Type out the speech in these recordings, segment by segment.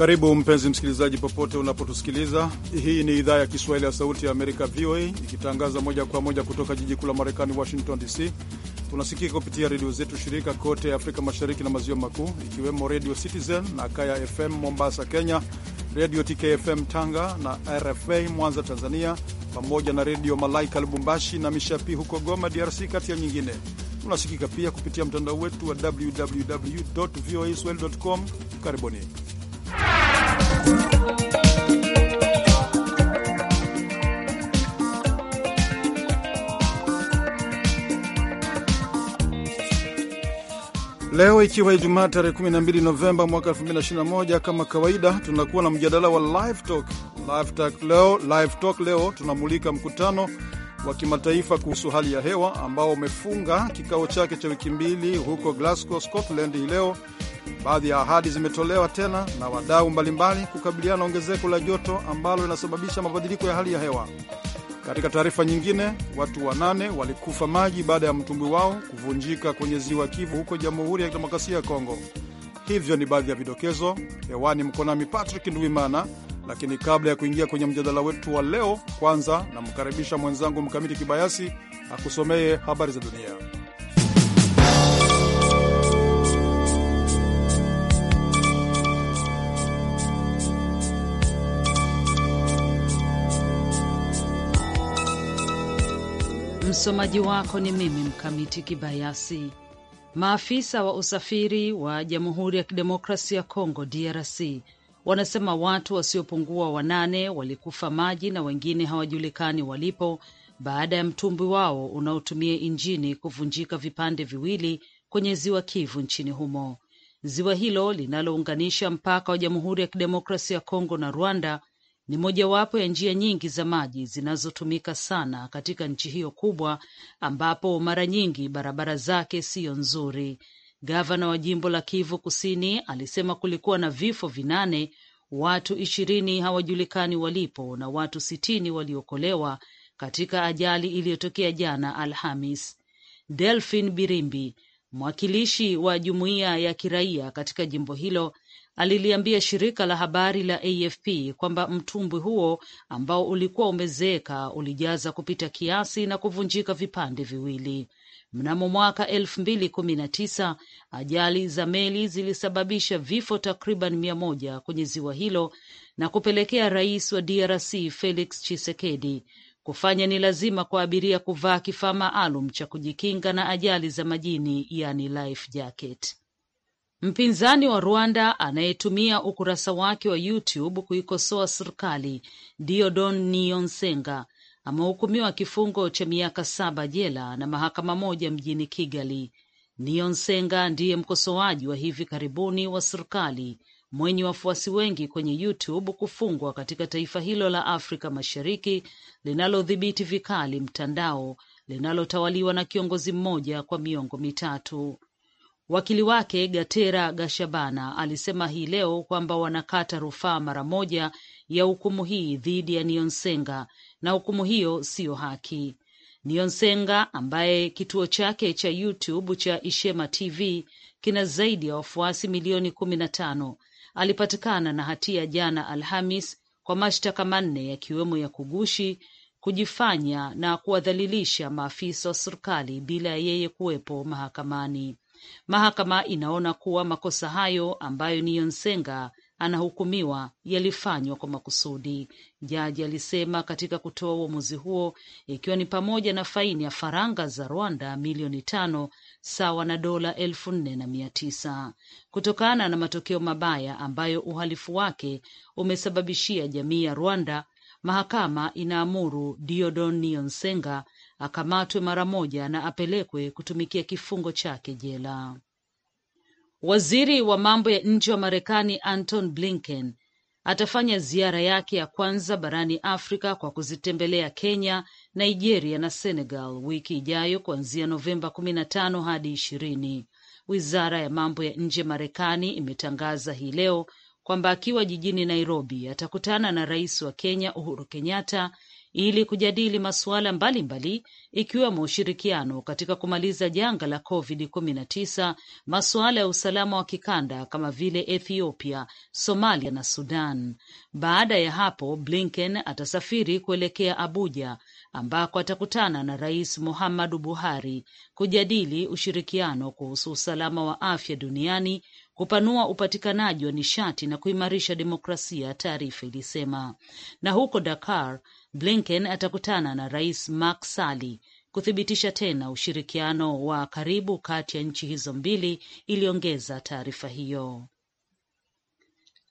Karibu mpenzi msikilizaji, popote unapotusikiliza. Hii ni idhaa ya Kiswahili ya Sauti ya Amerika, VOA, ikitangaza moja kwa moja kutoka jiji kuu la Marekani, Washington DC. Tunasikika kupitia redio zetu shirika kote Afrika Mashariki na Maziwa Makuu, ikiwemo Redio Citizen na Kaya FM Mombasa, Kenya, Redio TKFM Tanga na RFA Mwanza, Tanzania, pamoja na Redio Malaika Lubumbashi na Mishapi huko Goma, DRC, kati ya nyingine. Tunasikika pia kupitia mtandao wetu wa www voa swahili com. Karibuni. Leo ikiwa Ijumaa tarehe 12 Novemba mwaka 2021, kama kawaida tunakuwa na mjadala wa live talk. Live talk leo, live talk leo tunamulika mkutano wa kimataifa kuhusu hali ya hewa ambao umefunga kikao chake cha wiki mbili huko Glasgow, Scotland hii leo. Baadhi ya ahadi zimetolewa tena na wadau mbalimbali kukabiliana na ongezeko la joto ambalo linasababisha mabadiliko ya hali ya hewa. Katika taarifa nyingine, watu wanane walikufa maji baada ya mtumbwi wao kuvunjika kwenye ziwa Kivu huko Jamhuri ya Kidemokrasia ya Kongo. Hivyo ni baadhi ya vidokezo hewani, mko nami Patrick Nduimana. Lakini kabla ya kuingia kwenye mjadala wetu wa leo, kwanza namkaribisha mwenzangu Mkamiti Kibayasi akusomeye habari za dunia. Msomaji wako ni mimi Mkamiti Kibayasi. Maafisa wa usafiri wa Jamhuri ya Kidemokrasia ya Kongo DRC wanasema watu wasiopungua wanane walikufa maji na wengine hawajulikani walipo baada ya mtumbwi wao unaotumia injini kuvunjika vipande viwili kwenye ziwa Kivu nchini humo. Ziwa hilo linalounganisha mpaka wa Jamhuri ya Kidemokrasia ya Kongo na Rwanda ni mojawapo ya njia nyingi za maji zinazotumika sana katika nchi hiyo kubwa, ambapo mara nyingi barabara zake siyo nzuri. Gavana wa jimbo la Kivu Kusini alisema kulikuwa na vifo vinane, watu ishirini hawajulikani walipo na watu sitini waliokolewa katika ajali iliyotokea jana Alhamis. Delphin Birimbi, mwakilishi wa jumuiya ya kiraia katika jimbo hilo, aliliambia shirika la habari la AFP kwamba mtumbwi huo ambao ulikuwa umezeeka ulijaza kupita kiasi na kuvunjika vipande viwili. Mnamo mwaka elfu mbili kumi na tisa ajali za meli zilisababisha vifo takriban mia moja kwenye ziwa hilo na kupelekea rais wa DRC Felix Tshisekedi kufanya ni lazima kwa abiria kuvaa kifaa maalum cha kujikinga na ajali za majini, yani life jacket. Mpinzani wa Rwanda anayetumia ukurasa wake wa YouTube kuikosoa serikali, Diodon nionsenga amehukumiwa kifungo cha miaka saba jela na mahakama moja mjini Kigali. nionsenga ndiye mkosoaji wa hivi karibuni wa serikali mwenye wafuasi wengi kwenye YouTube kufungwa katika taifa hilo la Afrika Mashariki linalodhibiti vikali mtandao linalotawaliwa na kiongozi mmoja kwa miongo mitatu. Wakili wake Gatera Gashabana alisema hii leo kwamba wanakata rufaa mara moja ya hukumu hii dhidi ya Nionsenga na hukumu hiyo siyo haki. Nionsenga ambaye kituo chake cha YouTube cha Ishema TV kina zaidi ya wafuasi milioni kumi na tano alipatikana na hatia jana Alhamis kwa mashtaka manne yakiwemo ya kugushi, kujifanya na kuwadhalilisha maafisa wa serikali bila ya yeye kuwepo mahakamani. Mahakama inaona kuwa makosa hayo ambayo ni yonsenga anahukumiwa yalifanywa kwa makusudi, jaji alisema katika kutoa uamuzi huo, ikiwa ni pamoja na faini ya faranga za Rwanda milioni tano sawa na dola elfu nne na mia tisa kutokana na matokeo mabaya ambayo uhalifu wake umesababishia jamii ya Rwanda. Mahakama inaamuru Diodon Niyonsenga akamatwe mara moja na apelekwe kutumikia kifungo chake jela. Waziri wa mambo ya nje wa Marekani Anton Blinken atafanya ziara yake ya kwanza barani Afrika kwa kuzitembelea Kenya, Nigeria na Senegal wiki ijayo kuanzia Novemba kumi na tano hadi ishirini. Wizara ya mambo ya nje Marekani imetangaza hii leo kwamba akiwa jijini Nairobi atakutana na rais wa Kenya Uhuru Kenyatta ili kujadili masuala mbalimbali ikiwemo ushirikiano katika kumaliza janga la COVID-19, masuala ya usalama wa kikanda kama vile Ethiopia, Somalia na Sudan. Baada ya hapo, Blinken atasafiri kuelekea Abuja ambako atakutana na Rais Muhammadu Buhari kujadili ushirikiano kuhusu usalama wa afya duniani, kupanua upatikanaji wa nishati na kuimarisha demokrasia, taarifa ilisema. Na huko Dakar, Blinken atakutana na Rais Macky Sall kuthibitisha tena ushirikiano wa karibu kati ya nchi hizo mbili, iliongeza taarifa hiyo.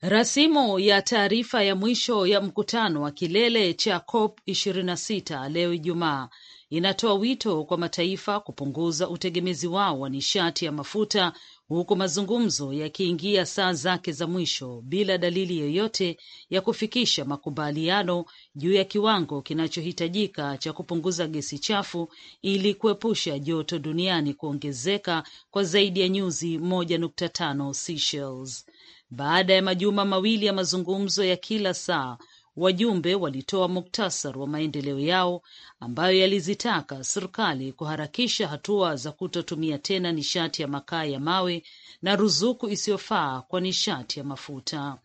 Rasimu ya taarifa ya mwisho ya mkutano wa kilele cha COP 26 leo Ijumaa inatoa wito kwa mataifa kupunguza utegemezi wao wa nishati ya mafuta huku mazungumzo yakiingia saa zake za mwisho bila dalili yoyote ya kufikisha makubaliano juu ya kiwango kinachohitajika cha kupunguza gesi chafu ili kuepusha joto duniani kuongezeka kwa zaidi ya nyuzi 1.5 Celsius. Baada ya majuma mawili ya mazungumzo ya kila saa Wajumbe walitoa muktasar wa maendeleo yao ambayo yalizitaka serikali kuharakisha hatua za kutotumia tena nishati ya makaa ya mawe na ruzuku isiyofaa kwa nishati ya mafuta.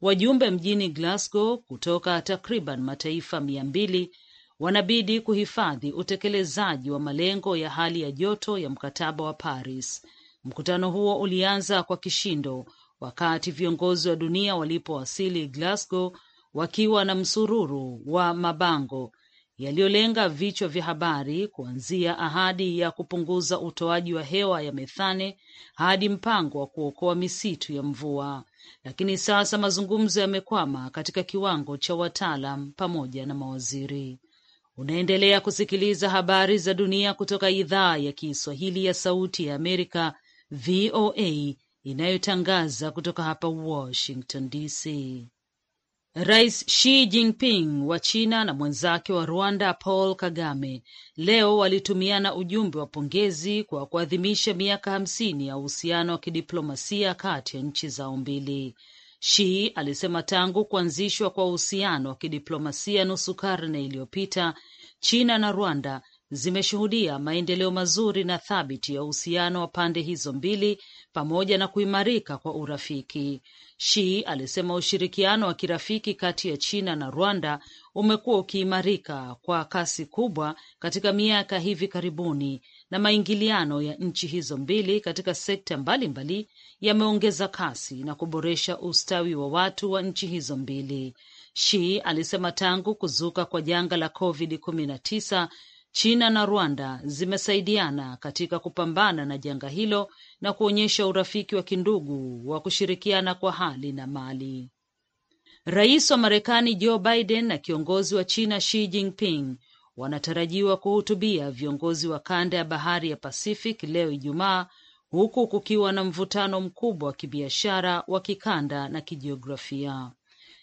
Wajumbe mjini Glasgow kutoka takriban mataifa mia mbili wanabidi kuhifadhi utekelezaji wa malengo ya hali ya joto ya mkataba wa Paris. Mkutano huo ulianza kwa kishindo wakati viongozi wa dunia walipowasili Glasgow wakiwa na msururu wa mabango yaliyolenga vichwa vya habari kuanzia ahadi ya kupunguza utoaji wa hewa ya methane hadi mpango wa kuokoa misitu ya mvua. Lakini sasa mazungumzo yamekwama katika kiwango cha wataalam pamoja na mawaziri. Unaendelea kusikiliza habari za dunia kutoka idhaa ya Kiswahili ya Sauti ya Amerika, VOA, inayotangaza kutoka hapa Washington DC. Rais Xi Jinping wa China na mwenzake wa Rwanda Paul Kagame leo walitumiana ujumbe wa pongezi kwa kuadhimisha miaka hamsini ya uhusiano wa kidiplomasia kati ya nchi zao mbili. shi alisema tangu kuanzishwa kwa uhusiano wa kidiplomasia nusu karne iliyopita, China na Rwanda zimeshuhudia maendeleo mazuri na thabiti ya uhusiano wa pande hizo mbili pamoja na kuimarika kwa urafiki. Shi alisema ushirikiano wa kirafiki kati ya China na Rwanda umekuwa ukiimarika kwa kasi kubwa katika miaka hivi karibuni na maingiliano ya nchi hizo mbili katika sekta mbalimbali yameongeza kasi na kuboresha ustawi wa watu wa nchi hizo mbili. Shi alisema tangu kuzuka kwa janga la COVID-19 China na Rwanda zimesaidiana katika kupambana na janga hilo na kuonyesha urafiki wa kindugu wa kushirikiana kwa hali na mali. Rais wa Marekani Joe Biden na kiongozi wa China Xi Jinping wanatarajiwa kuhutubia viongozi wa kanda ya bahari ya Pacific leo Ijumaa, huku kukiwa na mvutano mkubwa wa kibiashara wa kikanda na kijiografia.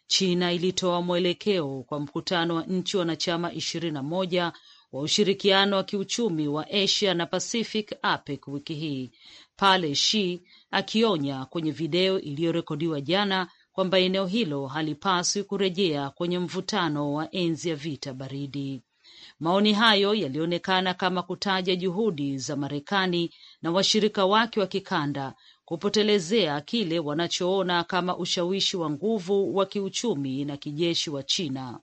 China ilitoa mwelekeo kwa mkutano wa nchi wanachama ishirini na moja wa ushirikiano wa kiuchumi wa Asia na Pacific APEC wiki hii pale shi akionya kwenye video iliyorekodiwa jana kwamba eneo hilo halipaswi kurejea kwenye mvutano wa enzi ya vita baridi. Maoni hayo yalionekana kama kutaja juhudi za Marekani na washirika wake wa kikanda kupotelezea kile wanachoona kama ushawishi wa nguvu wa kiuchumi na kijeshi wa China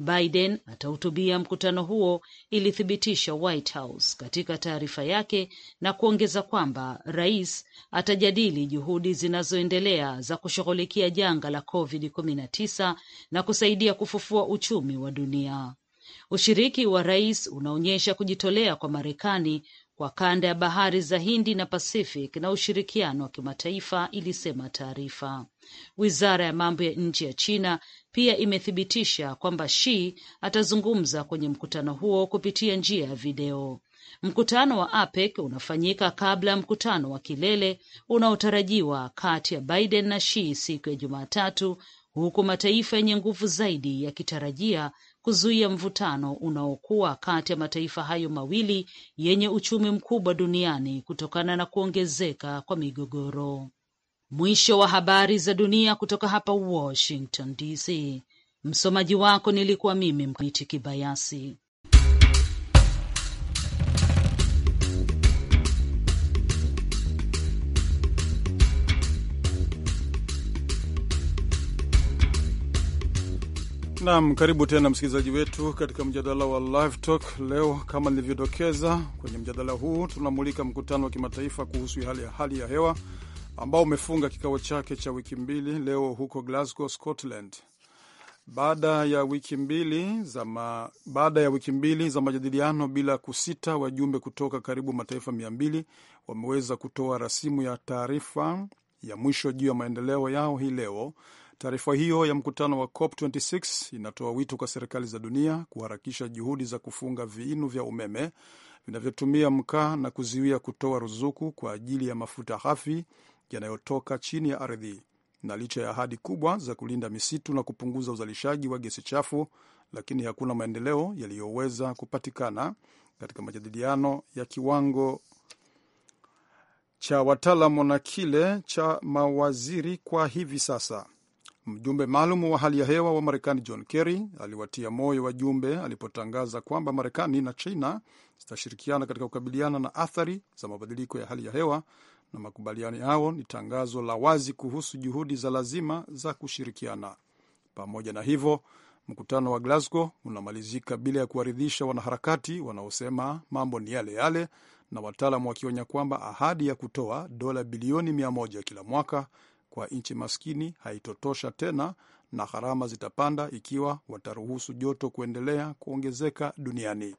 Biden atahutubia mkutano huo, ilithibitisha White House katika taarifa yake, na kuongeza kwamba rais atajadili juhudi zinazoendelea za kushughulikia janga la COVID-19 na kusaidia kufufua uchumi wa dunia. Ushiriki wa rais unaonyesha kujitolea kwa Marekani wa kanda ya bahari za Hindi na Pacific na ushirikiano wa kimataifa, ilisema taarifa. Wizara ya mambo ya nje ya China pia imethibitisha kwamba shi atazungumza kwenye mkutano huo kupitia njia ya video. Mkutano wa APEC unafanyika kabla ya mkutano wa kilele unaotarajiwa kati ya Biden na Shi siku ya Jumatatu, huku mataifa yenye nguvu zaidi yakitarajia kuzuia mvutano unaokuwa kati ya mataifa hayo mawili yenye uchumi mkubwa duniani kutokana na kuongezeka kwa migogoro. Mwisho wa habari za dunia kutoka hapa Washington DC. Msomaji wako nilikuwa mimi Mkamiti Kibayasi. Naam, karibu tena msikilizaji wetu katika mjadala wa Live Talk. Leo kama nilivyodokeza kwenye mjadala huu, tunamulika mkutano wa kimataifa kuhusu hali ya, hali ya hewa ambao umefunga kikao chake cha wiki mbili leo huko Glasgow, Scotland, baada ya wiki mbili za ma, baada ya wiki mbili za majadiliano bila kusita, wajumbe kutoka karibu mataifa mia mbili wameweza kutoa rasimu ya taarifa ya mwisho juu ya maendeleo yao hii leo Taarifa hiyo ya mkutano wa COP26 inatoa wito kwa serikali za dunia kuharakisha juhudi za kufunga vinu vya umeme vinavyotumia mkaa na kuzuia kutoa ruzuku kwa ajili ya mafuta ghafi yanayotoka chini ya ardhi. Na licha ya ahadi kubwa za kulinda misitu na kupunguza uzalishaji wa gesi chafu, lakini hakuna maendeleo yaliyoweza kupatikana katika majadiliano ya kiwango cha wataalamu na kile cha mawaziri kwa hivi sasa. Mjumbe maalum wa hali ya hewa wa Marekani John Kerry aliwatia moyo wajumbe alipotangaza kwamba Marekani na China zitashirikiana katika kukabiliana na athari za mabadiliko ya hali ya hewa, na makubaliano yao ni tangazo la wazi kuhusu juhudi za lazima za kushirikiana. Pamoja na hivyo, mkutano wa Glasgow unamalizika bila ya kuwaridhisha wanaharakati wanaosema mambo ni yale yale, na wataalamu wakionya kwamba ahadi ya kutoa dola bilioni mia moja kila mwaka kwa nchi maskini haitotosha tena na gharama zitapanda ikiwa wataruhusu joto kuendelea kuongezeka duniani.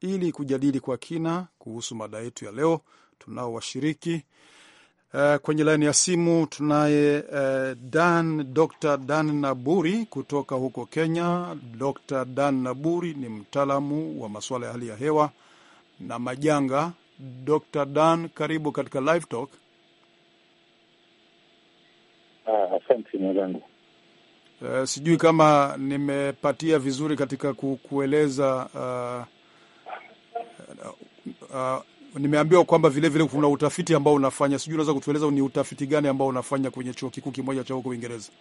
Ili kujadili kwa kina kuhusu mada yetu ya leo, tunao washiriki uh, kwenye laini ya simu tunaye uh, Dan Dr. Dan Naburi kutoka huko Kenya. Dr. Dan Naburi ni mtaalamu wa masuala ya hali ya hewa na majanga. Dr. Dan, karibu katika Live Talk. Ah, asante mwenzangu. Uh, sijui kama nimepatia vizuri katika kueleza uh, uh, uh, nimeambiwa kwamba vilevile kuna utafiti ambao unafanya, sijui unaweza kutueleza ni utafiti gani ambao unafanya kwenye chuo kikuu kimoja cha huko Uingereza?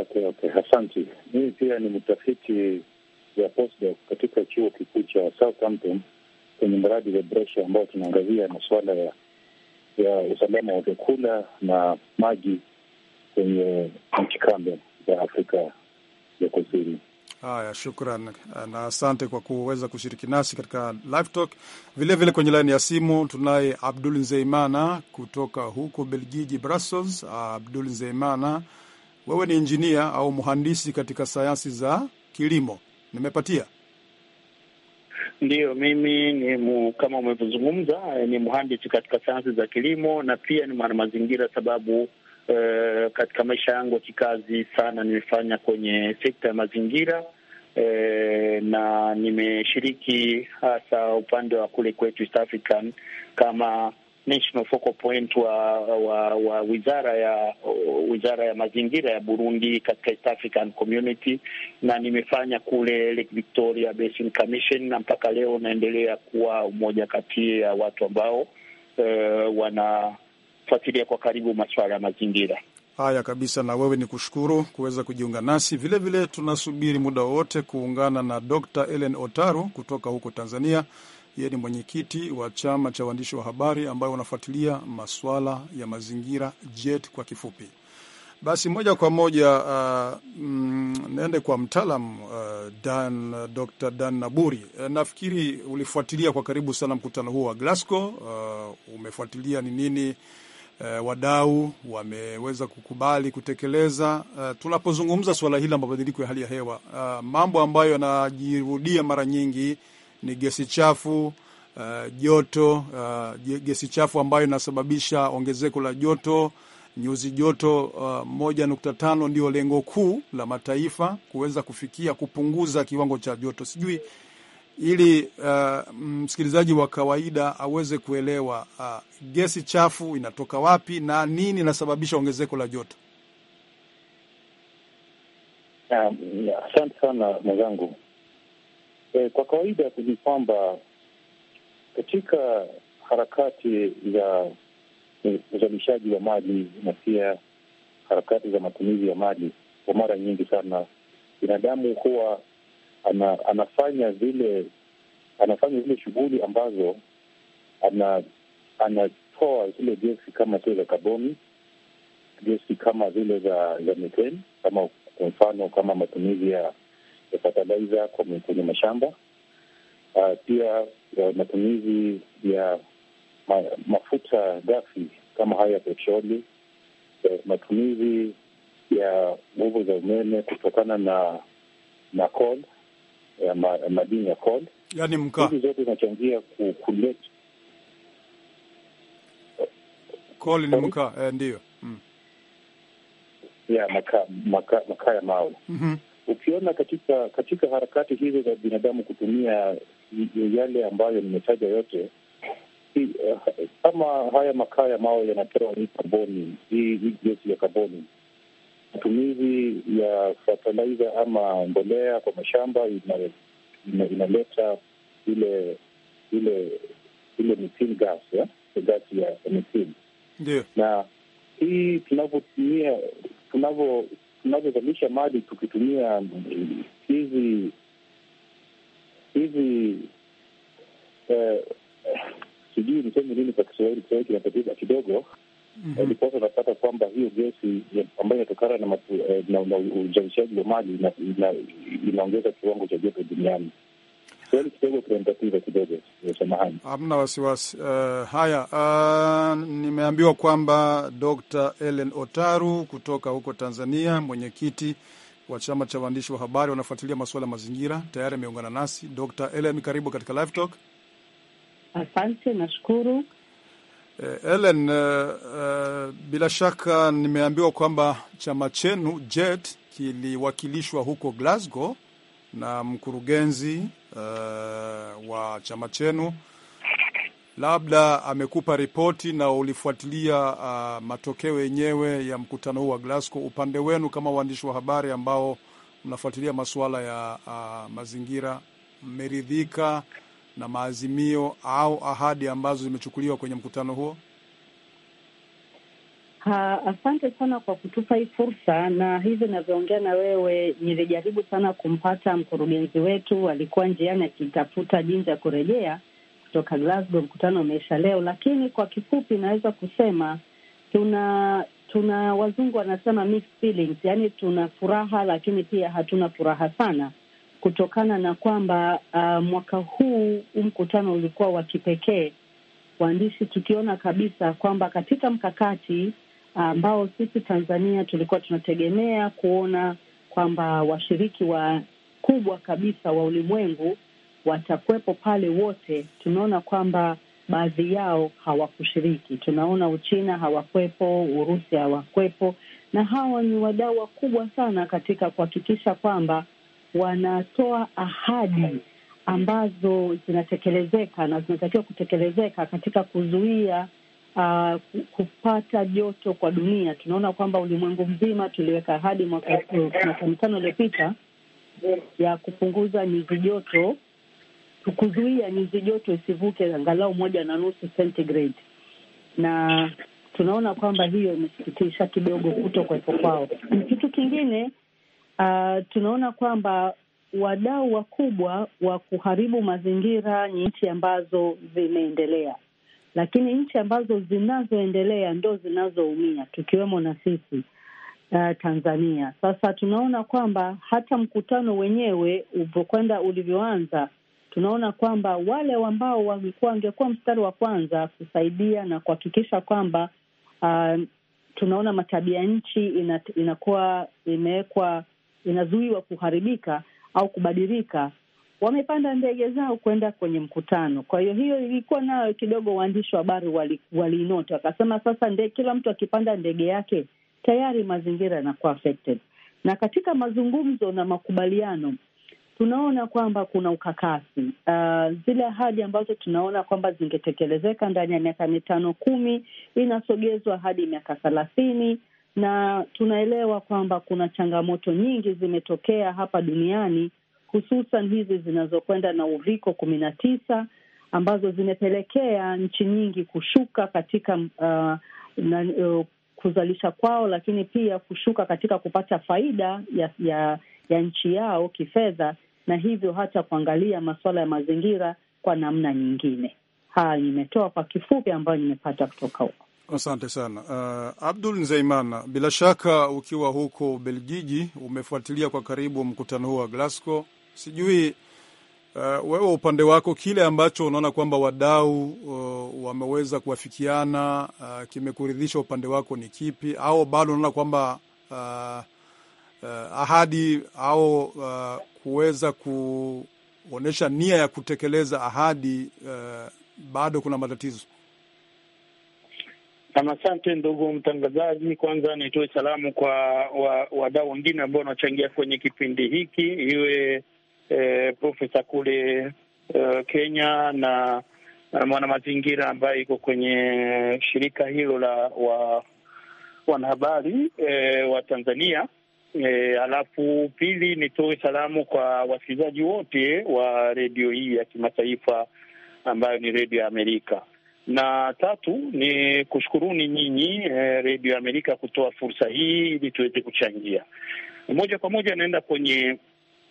Okay, okay, asante. Mimi pia ni mtafiti ya postdoc katika chuo kikuu cha Southampton kwenye mradi wa Brescia ambao tunaangazia masuala ya ya usalama wa vyakula na maji kwenye nchi kame za Afrika ya Kusini. Haya, shukran na asante kwa kuweza kushiriki nasi katika live talk. Vile vile kwenye laini ya simu tunaye Abdul Nzeimana kutoka huko Belgiji, Brussels. Abdul Nzeimana, wewe ni injinia au mhandisi katika sayansi za kilimo, nimepatia? Ndiyo, mimi ni mu, kama umevyozungumza eh, ni mhandisi katika sayansi za kilimo na pia ni mwana mazingira sababu eh, katika maisha yangu ya kikazi sana nimefanya kwenye sekta ya mazingira eh, na nimeshiriki hasa upande wa kule kwetu East African kama national focal point wa, wa, wa wizara ya wizara ya mazingira ya Burundi katika East African Community, na nimefanya kule Lake Victoria Basin Commission, na mpaka leo naendelea kuwa mmoja kati ya watu ambao eh, wanafuatilia kwa karibu masuala ya mazingira. Haya kabisa, na wewe ni kushukuru kuweza kujiunga nasi vilevile. Tunasubiri muda wowote kuungana na Dr. Ellen Otaru kutoka huko Tanzania yeye ni mwenyekiti wa chama cha waandishi wa habari ambayo wanafuatilia maswala ya mazingira, JET kwa kifupi. Basi moja kwa moja uh, mm, naende kwa mtaalam uh, Dan, Dr. Dan Naburi. Uh, nafikiri ulifuatilia kwa karibu sana mkutano huo wa Glasgow. Uh, umefuatilia ni nini uh, wadau wameweza kukubali kutekeleza. Uh, tunapozungumza suala hili la mabadiliko ya hali ya hewa, uh, mambo ambayo yanajirudia mara nyingi ni gesi chafu uh, joto uh, gesi chafu ambayo inasababisha ongezeko la joto nyuzi joto uh, moja nukta tano ndio lengo kuu la mataifa kuweza kufikia kupunguza kiwango cha joto. Sijui ili uh, msikilizaji wa kawaida aweze kuelewa uh, gesi chafu inatoka wapi na nini inasababisha ongezeko la joto. Asante um, sana mwenzangu eh, kwa kawaida ni kwamba katika harakati za uzalishaji wa mali na pia harakati za matumizi ya mali, kwa mara nyingi sana binadamu huwa ana, anafanya zile anafanya zile shughuli ambazo ana, anatoa zile gesi kama zile za kaboni, gesi kama zile za za methane, kama kwa mfano kama matumizi ya ya fertilizer kwenye mashamba uh, pia uh, matumizi ya ma, mafuta ghafi kama haya ya petroli uh, matumizi ya nguvu za umeme kutokana na na coal ya ma, madini ya coal, yani mkaa, hizi zote zinachangia ku, kuleta coal ni mkaa eh, ndio mm. ya makaa maka, maka ya mawe mm -hmm. Ukiona katika katika harakati hizo za binadamu kutumia yale ambayo nimetaja yote, eh, kama haya makaa ya mawe yanatoa hii kaboni, hii gesi ya kaboni, matumizi ya fertilizer ama mbolea kwa mashamba inaleta ina, ina ile ile ile methane gas ya gasi ya methane, na hii tunavyotumia tunavyo tunavyozalisha mali tukitumia eh, hizi hizi eh, sijui niseme nini kwa Kiswahili, Kiswahili kinatatiza kidogo. Mhm. Eh, ndiposa unapata kwamba hiyo gesi ambayo inatokana na uzalishaji wa mali inaongeza kiwango cha joto duniani. Swali kidogo kinanitatiza eh, kidogo, samahani. Hamna wasiwasi. Uh, haya, uh, nimeambiwa kwamba Dr. Ellen Otaru kutoka huko Tanzania, mwenyekiti wa chama cha waandishi wa habari wanafuatilia masuala ya mazingira, tayari ameungana nasi. Dr. Ellen, karibu katika Live Talk. Asante, nashukuru. Ellen, eh, eh, bila shaka nimeambiwa kwamba chama chenu JET kiliwakilishwa huko Glasgow na mkurugenzi uh, wa chama chenu, labda amekupa ripoti na ulifuatilia uh, matokeo yenyewe ya mkutano huu wa Glasgow, upande wenu kama waandishi wa habari ambao mnafuatilia masuala ya uh, mazingira, mmeridhika na maazimio au ahadi ambazo zimechukuliwa kwenye mkutano huo? Ha, asante sana kwa kutupa hii fursa, na hivi navyoongea na wewe nilijaribu sana kumpata mkurugenzi wetu, alikuwa njiani akitafuta jinsi ya kurejea kutoka Glasgow, mkutano umeisha leo, lakini kwa kifupi naweza kusema tuna tuna wazungu wanasema mixed feelings, yani tuna furaha lakini pia hatuna furaha sana kutokana na kwamba uh, mwaka huu huu mkutano ulikuwa wa kipekee, waandishi tukiona kabisa kwamba katika mkakati ambao sisi Tanzania tulikuwa tunategemea kuona kwamba washiriki wakubwa kabisa wa ulimwengu watakuwepo pale wote. Tunaona kwamba baadhi yao hawakushiriki. Tunaona Uchina hawakwepo, Urusi hawakwepo, na hawa ni wadau wakubwa sana katika kuhakikisha kwamba wanatoa ahadi ambazo zinatekelezeka na zinatakiwa kutekelezeka katika kuzuia uh, kupata joto kwa dunia. Tunaona kwamba ulimwengu mzima tuliweka ahadi miaka mitano iliyopita ya kupunguza nyuzi joto, kuzuia nyuzi joto isivuke angalau moja na nusu centigrade, na tunaona kwamba hiyo imesikitisha kidogo kuto kuwepo kwao. Kitu kingine uh, tunaona kwamba wadau wakubwa wa kuharibu mazingira ni nchi ambazo zimeendelea lakini nchi ambazo zinazoendelea ndo zinazoumia tukiwemo na sisi uh, Tanzania. Sasa tunaona kwamba hata mkutano wenyewe ulivyokwenda ulivyoanza, tunaona kwamba wale ambao wangekuwa wangekuwa mstari wa kwanza kusaidia na kuhakikisha kwamba uh, tunaona matabia nchi inakuwa imewekwa inazuiwa kuharibika au kubadilika wamepanda ndege zao kwenda kwenye mkutano. Kwa hiyo hiyo ilikuwa nayo kidogo, waandishi wa habari walinota, wali, wakasema sasa nde, kila mtu akipanda ndege yake tayari mazingira yanakuwa affected. Na katika mazungumzo na makubaliano tunaona kwamba kuna ukakasi uh, zile ahadi ambazo tunaona kwamba zingetekelezeka ndani ya miaka mitano kumi inasogezwa hadi miaka thelathini na tunaelewa kwamba kuna changamoto nyingi zimetokea hapa duniani hususan hizi zinazokwenda na uviko kumi na tisa ambazo zimepelekea nchi nyingi kushuka katika uh, na, uh, kuzalisha kwao, lakini pia kushuka katika kupata faida ya, ya, ya nchi yao kifedha, na hivyo hata kuangalia masuala ya mazingira kwa namna nyingine. Haya nimetoa kwa kifupi ambayo nimepata kutoka huko. Asante sana uh, Abdul Nzeimana, bila shaka ukiwa huko Belgiji umefuatilia kwa karibu mkutano huu wa Glasgow Sijui uh, wewe upande wako kile ambacho unaona kwamba wadau uh, wameweza kuafikiana uh, kimekuridhisha upande wako ni kipi, au bado unaona kwamba uh, Uh, ahadi au uh, kuweza kuonyesha nia ya kutekeleza ahadi uh, bado kuna matatizo. Asante ndugu mtangazaji, kwanza nitoe salamu kwa wadau wa wengine ambao wanachangia kwenye kipindi hiki, iwe eh, profesa kule eh, Kenya na mwanamazingira ambaye iko kwenye shirika hilo la wa wanahabari eh, wa Tanzania. Halafu e, alafu pili, nitoe salamu kwa wasikilizaji wote wa redio hii ya kimataifa ambayo ni redio ya Amerika, na tatu ni kushukuruni nyinyi eh, redio ya Amerika kutoa fursa hii ili tuweze kuchangia moja kwa moja. Naenda kwenye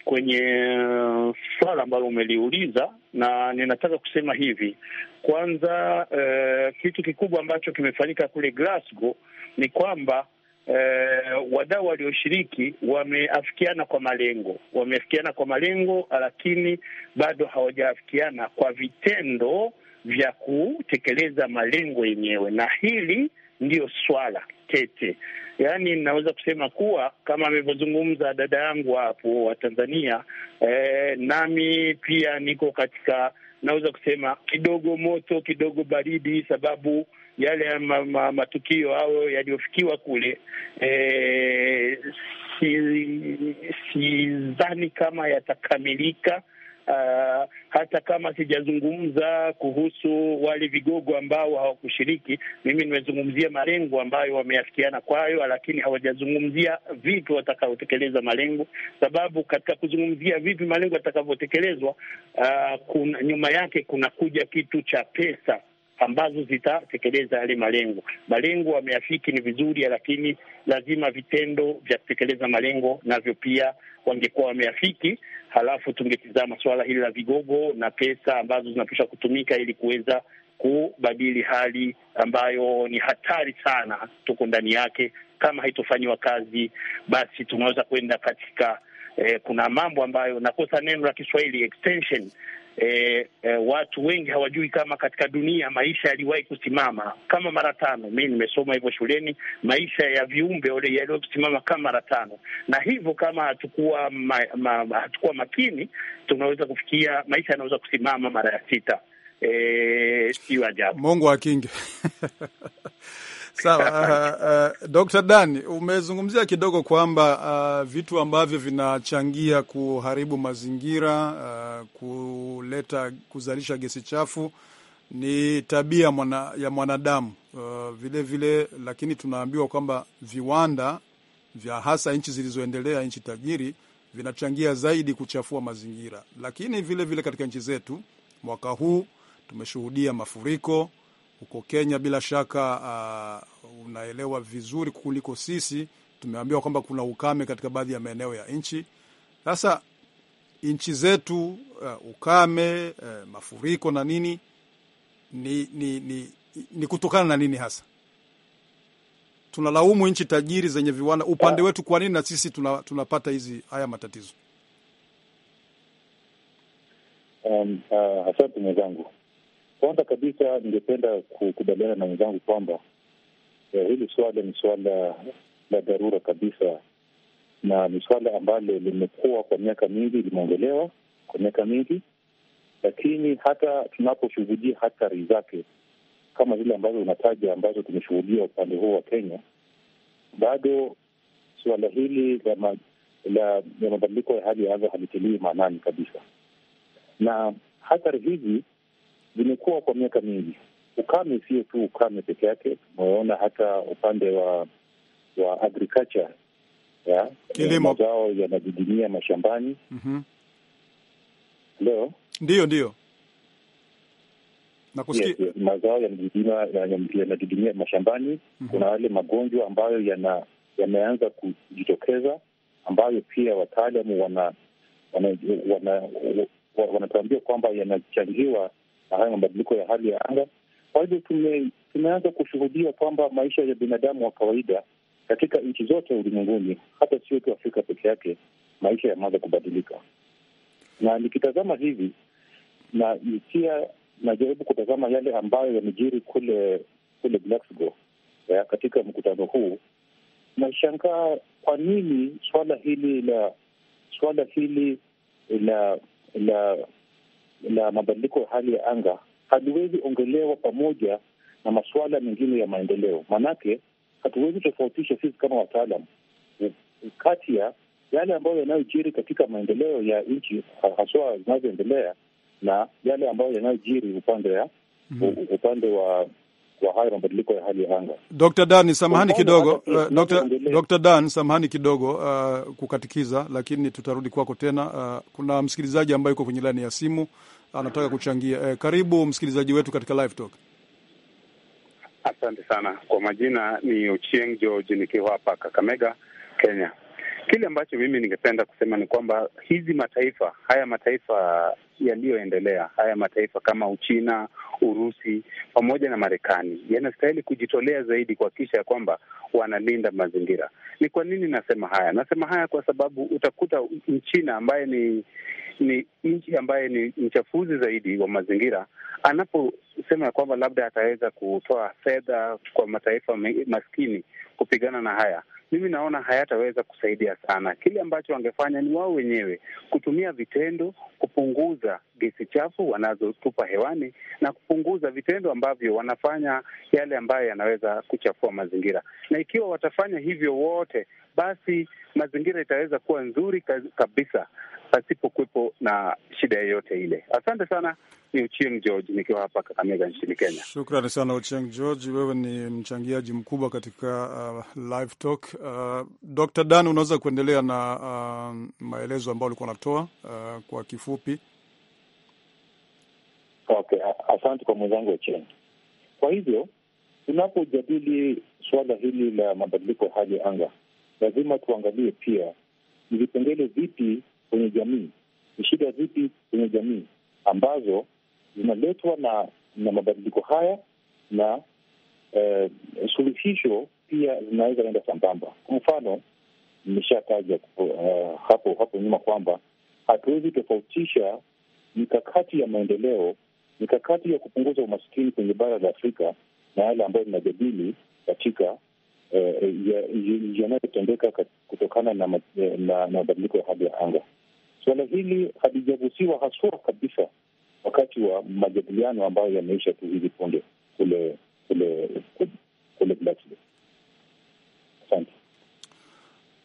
kwenye uh, swala ambalo umeliuliza, na ninataka kusema hivi kwanza, eh, kitu kikubwa ambacho kimefanyika kule Glasgow ni kwamba eh, wadau walioshiriki wameafikiana kwa malengo, wameafikiana kwa malengo, lakini bado hawajaafikiana kwa vitendo vya kutekeleza malengo yenyewe, na hili ndiyo swala tete. Yaani, naweza kusema kuwa kama amevyozungumza dada yangu hapo wa Tanzania eh, nami pia niko katika, naweza kusema kidogo moto kidogo baridi, sababu yale ma, ma, matukio hayo yaliyofikiwa kule eh, si sidhani kama yatakamilika Uh, hata kama sijazungumza kuhusu wale vigogo ambao hawakushiriki, mimi nimezungumzia malengo ambayo wameafikiana kwayo, lakini hawajazungumzia vipi watakaotekeleza malengo, sababu katika kuzungumzia vipi malengo yatakavyotekelezwa, uh, nyuma yake kuna kuja kitu cha pesa ambazo zitatekeleza yale malengo. Malengo wameafiki ni vizuri, lakini lazima vitendo vya kutekeleza malengo navyo pia wangekuwa wameafiki, halafu tungetizama suala hili la vigogo na pesa ambazo zinapaswa kutumika ili kuweza kubadili hali ambayo ni hatari sana tuko ndani yake. Kama haitofanyiwa kazi, basi tunaweza kwenda katika eh, kuna mambo ambayo nakosa neno la Kiswahili extension E, e, watu wengi hawajui kama katika dunia maisha yaliwahi kusimama kama mara tano. Mi nimesoma hivyo shuleni, maisha ya viumbe yaliwai yaliwahi kusimama kama mara tano, na hivyo kama hatukuwa ma, ma, hatukuwa makini, tunaweza kufikia maisha yanaweza kusimama mara ya sita. E, siyo ajabu Mungu akinge Sawa, uh, uh, Dr. Dan, umezungumzia kidogo kwamba uh, vitu ambavyo vinachangia kuharibu mazingira uh, kuleta kuzalisha gesi chafu ni tabia mwana, ya mwanadamu uh, vile lakini tunaambiwa kwamba viwanda vya hasa nchi zilizoendelea, nchi tajiri vinachangia zaidi kuchafua mazingira, lakini vilevile vile katika nchi zetu mwaka huu tumeshuhudia mafuriko huko Kenya, bila shaka uh, unaelewa vizuri kuliko sisi. Tumeambiwa kwamba kuna ukame katika baadhi ya maeneo ya nchi. Sasa nchi zetu uh, ukame uh, mafuriko na nini ni, ni, ni, ni kutokana na nini hasa? Tunalaumu nchi tajiri zenye viwanda upande wetu, kwa nini na sisi tunapata hizi haya matatizo? Um, uh, asante mwenzangu. Kwanza kabisa ningependa kukubaliana na wenzangu kwamba eh, hili suala ni suala la dharura kabisa, na ni suala ambalo limekuwa kwa miaka mingi, limeongelewa kwa miaka mingi, lakini hata tunaposhuhudia hatari zake kama zile ambazo unataja ambazo tumeshuhudia upande huo wa Kenya, bado suala hili la, ma, la, la mabadiliko ya hali ya anga halitiliwi maanani kabisa, na hatari hizi vimekuwa kwa miaka mingi. Ukame sio tu ukame peke yake, tumeona hata upande wa wa agriculture ya mazao yanadidimia mashambani. mm-hmm. Leo ndio ndio Mazao yanadidimia mashambani. mm -hmm. Kuna yale magonjwa ambayo yana, yameanza kujitokeza ambayo pia wataalamu wana wana, wana, wana kwamba yanachangiwa na haya mabadiliko ya hali ya anga. Kwa hivyo tume, tumeanza kushuhudia kwamba maisha ya binadamu wa kawaida katika nchi zote ulimwenguni, hata sio tu Afrika peke yake, maisha yameanza kubadilika. Na nikitazama hivi na pia najaribu kutazama yale ambayo yamejiri kule kule Glasgow ya katika mkutano huu, nashangaa kwa nini swala hili la swala hili la la la mabadiliko ya hali ya anga haliwezi ongelewa pamoja na masuala mengine ya maendeleo, maanake hatuwezi tofautisha sisi kama wataalam kati ya yale ambayo yanayojiri katika maendeleo ya nchi haswa zinazoendelea na yale ambayo yanayojiri upande ya mm-hmm. upande wa wa hayo mabadiliko ya hali ya anga. Dr. Eh, Dan samahani kidogo, uh, eh, Dr. Dan samahani kidogo uh, kukatikiza, lakini tutarudi kwako tena. Uh, kuna msikilizaji ambaye yuko kwenye laini ya simu anataka kuchangia. Uh, karibu msikilizaji wetu katika live talk. Asante sana kwa majina, ni Uchieng George nikiwa hapa Kakamega, Kenya. Kile ambacho mimi ningependa kusema ni kwamba hizi mataifa haya mataifa yaliyoendelea haya mataifa kama Uchina, Urusi pamoja na Marekani yanastahili kujitolea zaidi kuhakikisha ya kwamba wanalinda mazingira. Ni kwa nini nasema haya? Nasema haya kwa sababu utakuta Mchina ambaye ni ni nchi ambaye ni mchafuzi zaidi wa mazingira, anaposema ya kwamba labda ataweza kutoa fedha kwa mataifa maskini kupigana na haya, mimi naona hayataweza kusaidia sana. Kile ambacho wangefanya ni wao wenyewe kutumia vitendo kupunguza gesi chafu wanazotupa hewani na kupunguza vitendo ambavyo wanafanya yale ambayo yanaweza kuchafua mazingira, na ikiwa watafanya hivyo wote, basi mazingira itaweza kuwa nzuri kabisa, kuwepo na shida yeyote ile. Asante sana. Ni Uchieng George nikiwa hapa Kakamega nchini Kenya. Shukrani sana Uchieng George, wewe ni mchangiaji mkubwa katika uh, live talk. Uh, Dr. Dan, unaweza kuendelea na uh, maelezo ambayo ulikuwa unatoa uh, kwa kifupi. Okay, asante kwa mwenzangu Uchieng. Kwa hivyo tunapojadili suala hili la mabadiliko ya hali ya anga, lazima tuangalie pia ni vipengele vipi kwenye jamii, ni shida zipi kwenye jamii ambazo zinaletwa na na mabadiliko haya, na eh, suluhisho pia zinaweza enda sambamba. Kwa mfano, nimeshataja uh, hapo hapo nyuma kwamba hatuwezi tofautisha mikakati ya maendeleo, mikakati ya kupunguza umaskini kwenye bara la Afrika na yale ambayo inajadili katika eh, yanayotendeka kutokana eh, na mabadiliko ya hali ya anga. Suala hili halijagusiwa haswa kabisa wakati wa majadiliano ambayo yameisha tu hivi punde kule kule kule Blacksburg. Asante.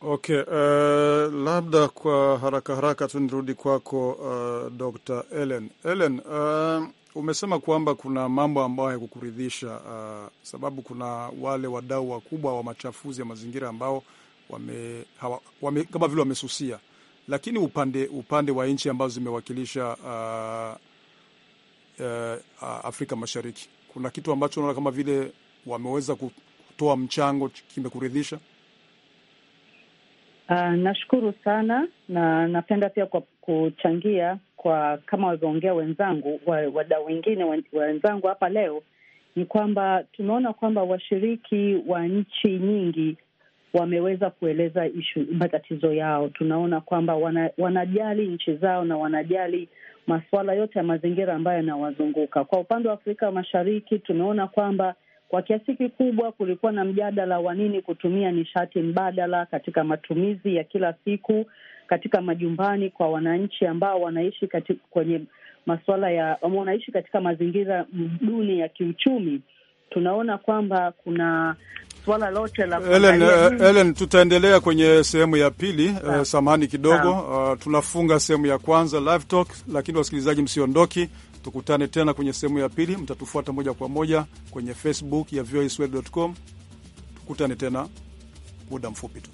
Okay, uh, labda kwa haraka haraka tu nirudi kwako uh, Dr. Ellen. Ellen, uh, umesema kwamba kuna mambo ambayo hayakukuridhisha uh, sababu kuna wale wadau wakubwa wa machafuzi ya mazingira ambao wame, hawa, wame, kama vile wamesusia lakini upande, upande wa nchi ambazo zimewakilisha uh, uh, uh, Afrika Mashariki, kuna kitu ambacho unaona kama vile wameweza kutoa mchango kimekuridhisha? Uh, nashukuru sana na napenda pia kwa kuchangia kwa kama walivyoongea wenzangu wadau wengine wenzangu hapa leo, ni kwamba tumeona kwamba washiriki wa nchi nyingi wameweza kueleza ishu, matatizo yao. Tunaona kwamba wana, wanajali nchi zao na wanajali masuala yote ya mazingira ambayo yanawazunguka. Kwa upande wa Afrika Mashariki tumeona kwamba kwa kiasi kikubwa kulikuwa na mjadala wa nini kutumia nishati mbadala katika matumizi ya kila siku katika majumbani kwa wananchi ambao wanaishi katika, kwenye masuala ya wanaishi katika mazingira duni ya kiuchumi. Tunaona kwamba kuna swala lote la Ellen, eh, Ellen, tutaendelea kwenye sehemu ya pili uh, samahani kidogo uh, tunafunga sehemu ya kwanza live talk, lakini wasikilizaji, msiondoki, tukutane tena kwenye sehemu ya pili. Mtatufuata moja kwa moja kwenye Facebook ya voaswahili.com. Tukutane tena muda mfupi tu.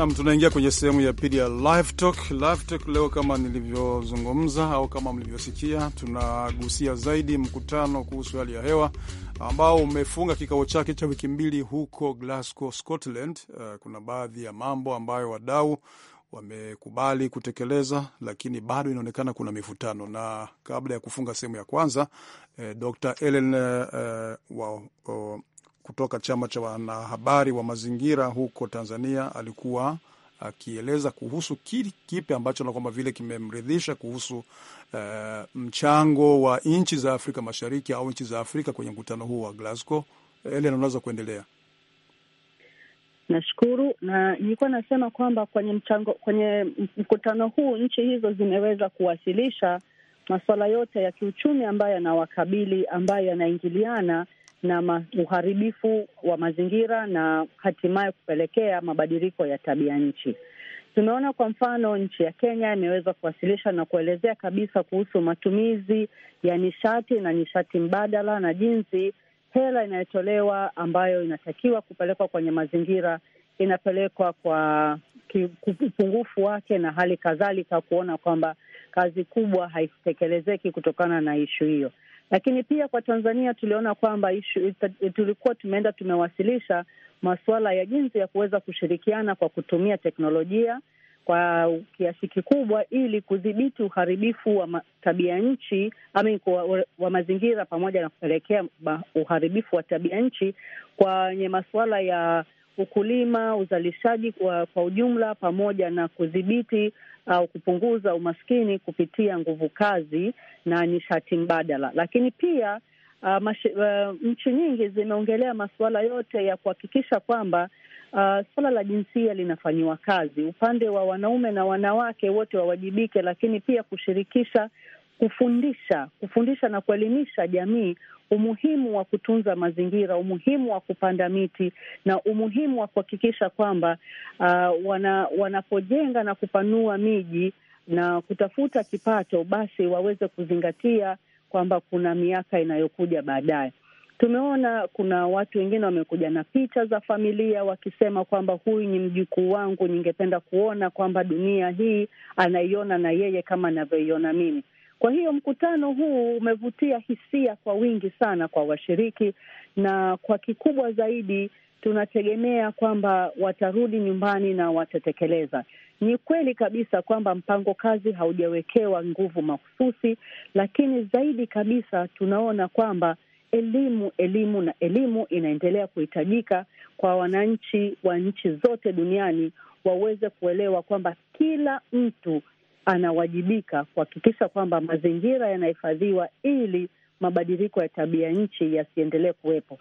Nam, tunaingia kwenye sehemu ya pili ya live talk. Live talk leo, kama nilivyozungumza au kama mlivyosikia, tunagusia zaidi mkutano kuhusu hali ya hewa ambao umefunga kikao chake cha wiki mbili huko Glasgow, Scotland. Uh, kuna baadhi ya mambo ambayo wadau wamekubali kutekeleza, lakini bado inaonekana kuna mivutano. Na kabla ya kufunga sehemu ya kwanza, eh, Dr Ellen eh, eh wa, oh, kutoka chama cha wanahabari wa mazingira huko Tanzania alikuwa akieleza kuhusu kipi ambacho na kwamba vile kimemridhisha kuhusu uh, mchango wa nchi za Afrika Mashariki au nchi za Afrika kwenye mkutano huu wa Glasgow. Elena, unaweza kuendelea. Nashukuru, na nilikuwa nasema kwamba kwenye mchango, kwenye mkutano huu nchi hizo zimeweza kuwasilisha masuala yote ya kiuchumi ambayo yanawakabili ambayo yanaingiliana na uharibifu wa mazingira na hatimaye kupelekea mabadiliko ya tabia nchi. Tumeona kwa mfano nchi ya Kenya imeweza kuwasilisha na kuelezea kabisa kuhusu matumizi ya nishati na nishati mbadala na jinsi hela inayotolewa ambayo inatakiwa kupelekwa kwenye mazingira inapelekwa kwa upungufu wake, na hali kadhalika kuona kwamba kazi kubwa haitekelezeki kutokana na ishu hiyo. Lakini pia kwa Tanzania tuliona kwamba tulikuwa tumeenda tumewasilisha masuala ya jinsi ya kuweza kushirikiana kwa kutumia teknolojia kwa kiasi kikubwa ili kudhibiti uharibifu wa tabia nchi ama wa mazingira pamoja na kupelekea uharibifu wa tabia nchi kwenye masuala ya ukulima, uzalishaji kwa, kwa ujumla pamoja na kudhibiti au kupunguza umaskini kupitia nguvu kazi na nishati mbadala. Lakini pia uh, mash, uh, nchi nyingi zimeongelea masuala yote ya kuhakikisha kwamba uh, suala la jinsia linafanyiwa kazi, upande wa wanaume na wanawake wote wawajibike, lakini pia kushirikisha kufundisha kufundisha na kuelimisha jamii umuhimu wa kutunza mazingira, umuhimu wa kupanda miti na umuhimu wa kuhakikisha kwamba uh, wana, wanapojenga na kupanua miji na kutafuta kipato, basi waweze kuzingatia kwamba kuna miaka inayokuja baadaye. Tumeona kuna watu wengine wamekuja na picha za familia wakisema kwamba huyu ni mjukuu wangu, ningependa kuona kwamba dunia hii anaiona na yeye kama anavyoiona mimi. Kwa hiyo mkutano huu umevutia hisia kwa wingi sana kwa washiriki, na kwa kikubwa zaidi tunategemea kwamba watarudi nyumbani na watatekeleza. Ni kweli kabisa kwamba mpango kazi haujawekewa nguvu mahususi, lakini zaidi kabisa tunaona kwamba elimu, elimu na elimu inaendelea kuhitajika kwa wananchi wa nchi zote duniani waweze kuelewa kwamba kila mtu anawajibika kuhakikisha kwamba mazingira yanahifadhiwa ili mabadiliko ya tabia nchi yasiendelee kuwepo.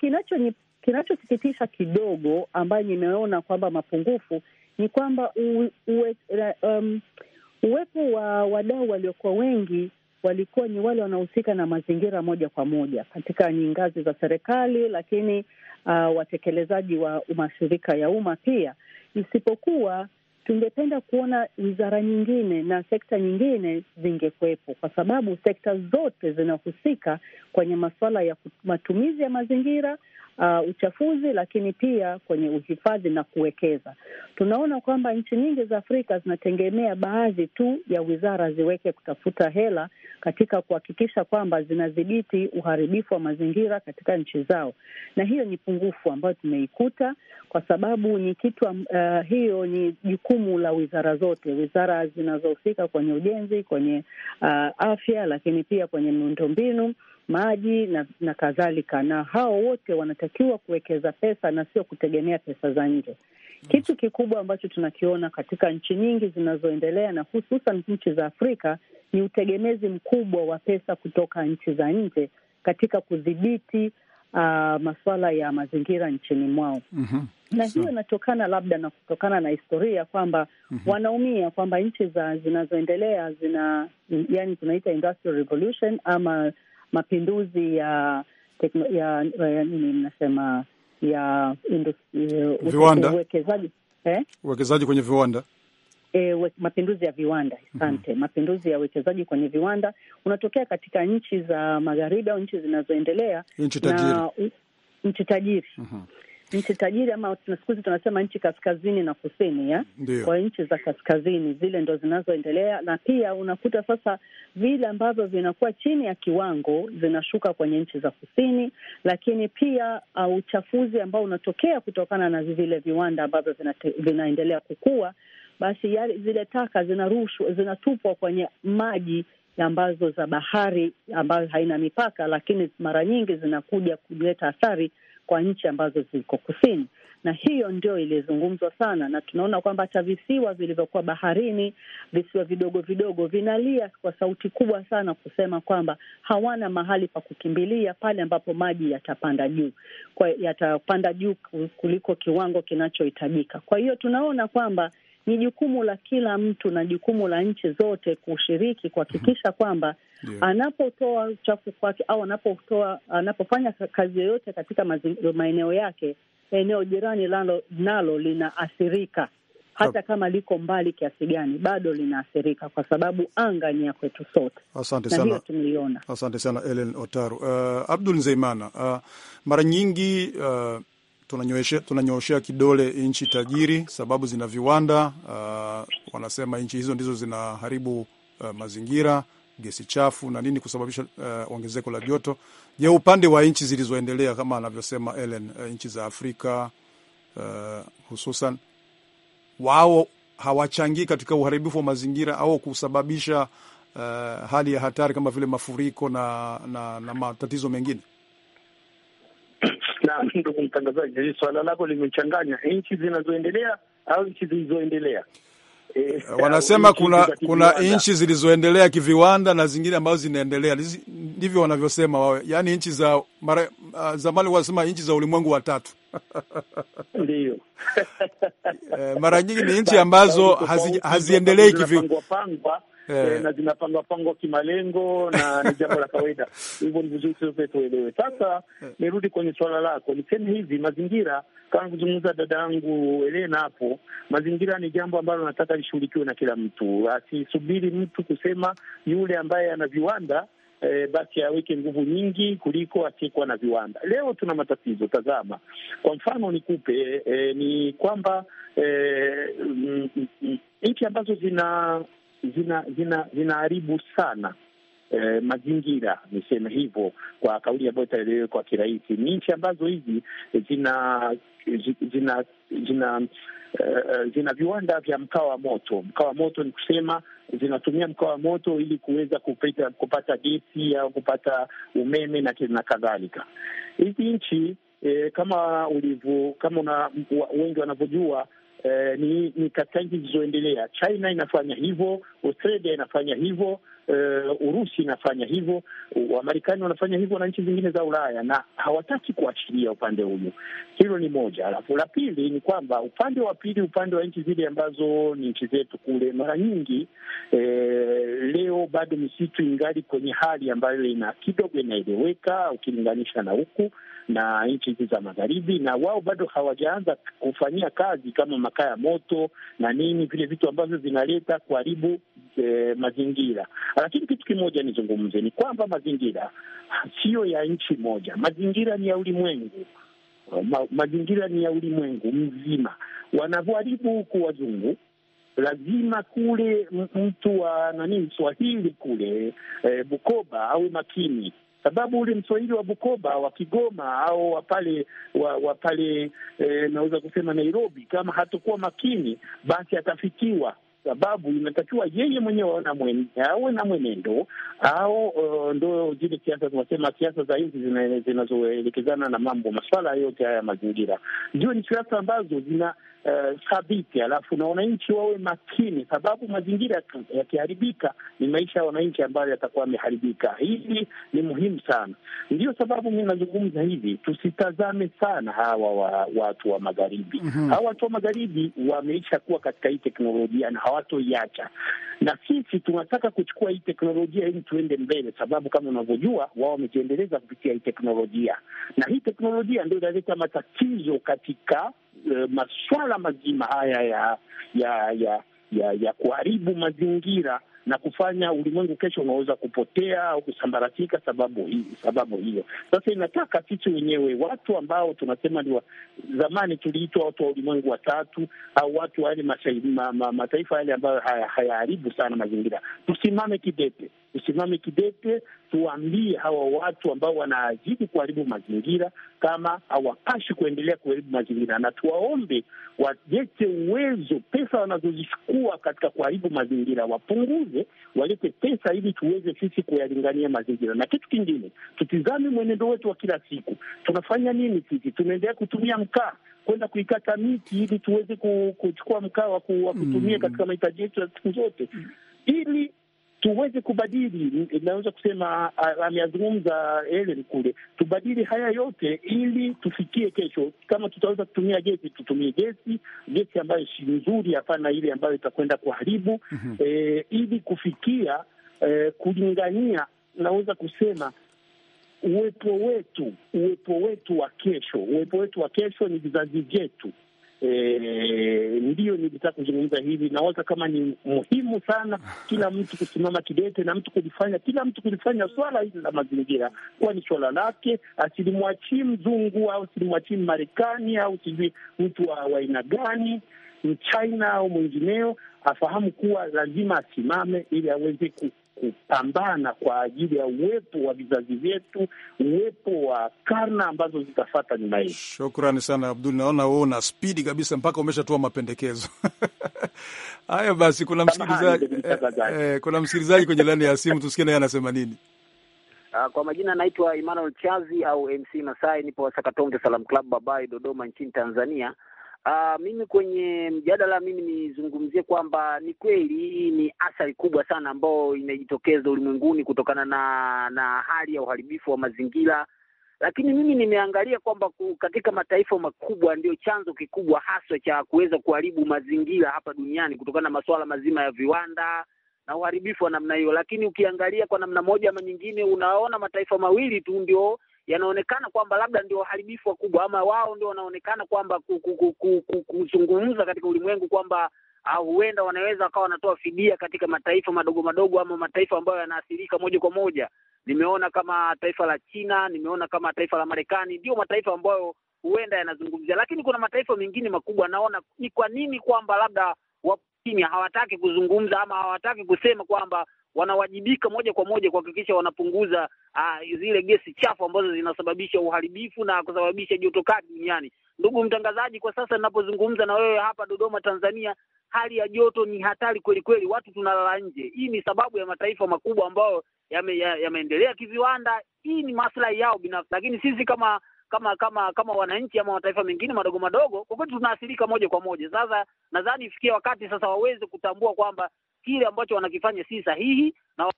Kinachosikitisha kinacho kidogo, ambayo nimeona kwamba mapungufu ni kwamba uwe, uwe, um, uwepo wa wadau waliokuwa wengi walikuwa ni wale wanaohusika na mazingira moja kwa moja katika ngazi za serikali, lakini uh, watekelezaji wa mashirika ya umma pia, isipokuwa tungependa kuona wizara nyingine na sekta nyingine zingekuwepo, kwa sababu sekta zote zinahusika kwenye masuala ya matumizi ya mazingira uh, uchafuzi, lakini pia kwenye uhifadhi na kuwekeza. Tunaona kwamba nchi nyingi za Afrika zinategemea baadhi tu ya wizara ziweke kutafuta hela katika kuhakikisha kwamba zinadhibiti uharibifu wa mazingira katika nchi zao, na hiyo ni pungufu ambayo tumeikuta kwa sababu ni kitu uh, hiyo ni jukumu la wizara zote, wizara zinazohusika kwenye ujenzi, kwenye uh, afya, lakini pia kwenye miundombinu maji na, na kadhalika, na hao wote wanatakiwa kuwekeza pesa na sio kutegemea pesa za nje. Kitu kikubwa ambacho tunakiona katika nchi nyingi zinazoendelea na hususan nchi za Afrika ni utegemezi mkubwa wa pesa kutoka nchi za nje katika kudhibiti uh, masuala ya mazingira nchini mwao. mm -hmm. na hiyo inatokana so, labda na kutokana na historia kwamba mm -hmm. wanaumia kwamba nchi za zinazoendelea zina, yani tunaita industrial revolution ama mapinduzi ya tekno, ya, ya nini mnasema ya eh, uwekezaji eh? kwenye viwanda E, we, mapinduzi ya viwanda asante. mm -hmm. Mapinduzi ya uwekezaji kwenye viwanda unatokea katika nchi za magharibi au nchi zinazoendelea, nchi tajiri, nchi tajiri. mm -hmm nchi tajiri ama siku hizi tunasema nchi kaskazini na kusini ya Kwa nchi za kaskazini zile ndo zinazoendelea, na pia unakuta sasa vile ambavyo vinakuwa chini ya kiwango zinashuka kwenye nchi za kusini, lakini pia uh, uchafuzi ambao unatokea kutokana na vile viwanda ambavyo vinaendelea kukua, basi yale, zile taka zinarushwa zinatupwa kwenye maji ambazo za bahari ambayo haina mipaka, lakini mara nyingi zinakuja kuleta athari kwa nchi ambazo ziko kusini, na hiyo ndio ilizungumzwa sana, na tunaona kwamba hata visiwa vilivyokuwa baharini, visiwa vidogo vidogo, vinalia kwa sauti kubwa sana kusema kwamba hawana mahali pa kukimbilia pale ambapo maji yatapanda juu, yatapanda juu kuliko kiwango kinachohitajika. Kwa hiyo tunaona kwamba ni jukumu la kila mtu na jukumu la nchi zote kushiriki kuhakikisha kwamba yeah. Anapotoa uchafu kwake au anapotoa anapofanya kazi yoyote katika maeneo yake, eneo jirani nalo, nalo linaathirika hata kama liko mbali kiasi gani bado linaathirika kwa sababu anga ni ya kwetu sote. Asante sana, tumeiona. Asante sana Ellen Otaru. Uh, Abdul Nzeimana, uh, mara nyingi uh, tunanyooshea kidole nchi tajiri sababu zina viwanda uh, wanasema nchi hizo ndizo zinaharibu uh, mazingira gesi chafu na nini kusababisha uh, ongezeko la joto. Je, upande wa nchi zilizoendelea kama anavyosema Ellen, uh, nchi za Afrika uh, hususan wao hawachangii katika uharibifu wa mazingira au kusababisha uh, hali ya hatari kama vile mafuriko na, na, na matatizo mengine? na ndugu mtangazaji, swala lako limechanganya nchi zinazoendelea au nchi zilizoendelea. Eh, wanasema kuna kuna nchi zilizoendelea kiviwanda na zingine ambazo zinaendelea, ndivyo wanavyosema wao, yaani nchi za mara, ah, zamani wanasema nchi za ulimwengu wa tatu ndio eh, mara nyingi ni nchi ambazo haziendelei kiviwanda Eh. eh, na zinapangwa pangwa kimalengo na ni jambo la kawaida hivyo. Ni vizuri sote tuelewe. Sasa eh. nirudi kwenye suala lako, niseme hivi, mazingira kama kuzungumza dada yangu Elena hapo, mazingira ni jambo ambalo nataka lishughulikiwe na kila mtu, asisubiri mtu kusema yule ambaye ana viwanda E, basi aweke nguvu nyingi kuliko asiyekuwa na viwanda. Leo tuna matatizo, tazama kwa mfano nikupe e, ni kwamba e, nchi ambazo zina zinaharibu zina, zina sana E, mazingira niseme hivyo kwa kauli ambayo itaelewekwa kirahisi. Ni nchi ambazo hizi zina zina zina eh, zina viwanda vya mkaa wa moto. Mkaa wa moto ni kusema zinatumia mkaa wa moto ili kuweza kupata kupata gesi au kupata umeme na na kadhalika. Hizi nchi e, kama ulivyo kama una, wengi wanavyojua eh, ni, ni katika nchi zilizoendelea. China inafanya hivyo, Australia inafanya hivyo, eh, Urusi inafanya hivyo, Wamarekani wanafanya hivyo na nchi zingine za Ulaya, na hawataki kuachilia upande huyu Hilo ni moja. Alafu la pili ni kwamba upande wa pili, upande wa nchi zile ambazo ni nchi zetu kule, mara nyingi eh, leo bado misitu ingali kwenye hali ambayo ina kidogo inaeleweka ukilinganisha na huku na nchi hizi za magharibi, na wao bado hawajaanza kufanyia kazi kama makaa ya moto na nini, vile vitu ambavyo vinaleta kuharibu e, mazingira. Lakini kitu kimoja nizungumze ni kwamba mazingira siyo ya nchi moja, mazingira ni ya ulimwengu. Ma, mazingira ni ya ulimwengu mzima. Wanavyoharibu huku wazungu lazima kule mtu wa nani Mswahili kule e, Bukoba awe makini sababu ule mswahili wa Bukoba wa Kigoma au wapale wa, wa pale e, naweza kusema Nairobi, kama hatakuwa makini, basi atafikiwa sababu inatakiwa yeye mwenyewe awe na mwenendo au uh, ndo zile siasa tunasema siasa za hizi zinazoelekezana na mambo masuala yote haya ya mazingira, ndio ni siasa ambazo zina Eh, thabiti, alafu na wananchi wawe makini, sababu mazingira yakiharibika ni maisha ya wananchi ambayo yatakuwa yameharibika. Hili ni muhimu sana, ndio sababu mi nazungumza hivi, tusitazame sana hawa wa, watu wa magharibi mm -hmm. Hawa watu wa magharibi wameisha kuwa katika hii teknolojia na hawatoiacha, na sisi tunataka kuchukua hii teknolojia ili tuende mbele, sababu kama unavyojua wao wamejiendeleza kupitia hii teknolojia, na hii teknolojia ndio inaleta matatizo katika Eh, maswala mazima haya ya ya ya ya, ya kuharibu mazingira na kufanya ulimwengu kesho unaweza kupotea au kusambaratika sababu hii, sababu hiyo. Sasa inataka sisi wenyewe watu ambao tunasema ni wa, zamani tuliitwa watu wa ulimwengu wa tatu au watu wale ma, ma, mataifa yale ambayo hayaharibu haya sana mazingira, tusimame kidete tusimame kidete, tuwaambie hawa watu ambao wanaajibu kuharibu mazingira kama hawapashi kuendelea kuharibu mazingira, na tuwaombe walete uwezo, pesa wanazozichukua katika kuharibu mazingira wapunguze, walete pesa ili tuweze sisi kuyalingania mazingira. Na kitu kingine, tutizame mwenendo wetu wa kila siku. Tunafanya nini sisi? Tunaendelea kutumia mkaa kwenda kuikata miti ili tuweze kuchukua mkaa wa kutumia mm. katika mahitaji yetu ya siku zote, mm. ili tuweze kubadili, naweza kusema ameyazungumza Helen kule, tubadili haya yote ili tufikie kesho. Kama tutaweza kutumia gesi, tutumie gesi, gesi ambayo si nzuri, hapana ile ambayo itakwenda kuharibu mm -hmm. E, ili kufikia e, kulingania, naweza kusema uwepo wetu, uwepo wetu wa kesho, uwepo wetu wa kesho ni vizazi vyetu E, ndiyo nilitaka kuzungumza hivi. Nawaza kama ni muhimu sana kila mtu kusimama kidete na mtu kulifanya, kila mtu kulifanya swala hili la mazingira kuwa ni swala lake, asilimwachii mzungu au asilimwachii Marekani au sijui mtu wa aina gani, mchina au mwingineo, afahamu kuwa lazima asimame ili aweze kupambana kwa ajili ya uwepo wa vizazi vyetu, uwepo wa karna ambazo zitafata nyuma hii. Shukrani sana Abdul, naona wewe una spidi kabisa mpaka umeshatoa mapendekezo haya. Basi kuna msikilizaji eh, eh, kuna msikilizaji kwenye laini ya simu, tusikie naye anasema nini. Uh, kwa majina anaitwa Emmanuel Chazi au MC Masai, nipo Sakatonge Salam Club Babai, Dodoma nchini Tanzania. Uh, mimi kwenye mjadala mimi nizungumzie kwamba ni kweli hii ni athari kubwa sana ambayo inajitokeza ulimwenguni kutokana na na hali ya uharibifu wa mazingira, lakini mimi nimeangalia kwamba katika mataifa makubwa ndiyo chanzo kikubwa haswa cha kuweza kuharibu mazingira hapa duniani kutokana na masuala mazima ya viwanda na uharibifu wa namna hiyo. Lakini ukiangalia kwa namna moja ama nyingine, unaona mataifa mawili tu ndio yanaonekana kwamba labda ndio waharibifu wakubwa, ama wao ndio wanaonekana kwamba kuzungumza katika ulimwengu kwamba ah, huenda wanaweza wakawa wanatoa fidia katika mataifa madogo madogo ama mataifa ambayo yanaathirika moja kwa moja. Nimeona kama taifa la China, nimeona kama taifa la Marekani, ndio mataifa ambayo huenda yanazungumzia, lakini kuna mataifa mengine makubwa. Naona ni kwa nini kwamba labda wapimya hawataki kuzungumza ama hawataki kusema kwamba wanawajibika moja kwa moja kuhakikisha wanapunguza uh, zile gesi chafu ambazo zinasababisha uharibifu na kusababisha joto kali duniani. Ndugu mtangazaji, kwa sasa ninapozungumza na wewe hapa Dodoma, Tanzania, hali ya joto ni hatari kweli kweli, watu tunalala nje. Hii ni sababu ya mataifa makubwa ambayo yameendelea ya kiviwanda. Hii ni maslahi yao binafsi, lakini sisi kama kama kama kama wananchi ama mataifa mengine madogo madogo, kwa kweli tunaathirika moja kwa moja. Sasa nadhani ifikia wakati sasa waweze kutambua kwamba kile ambacho wanakifanya si sahihi na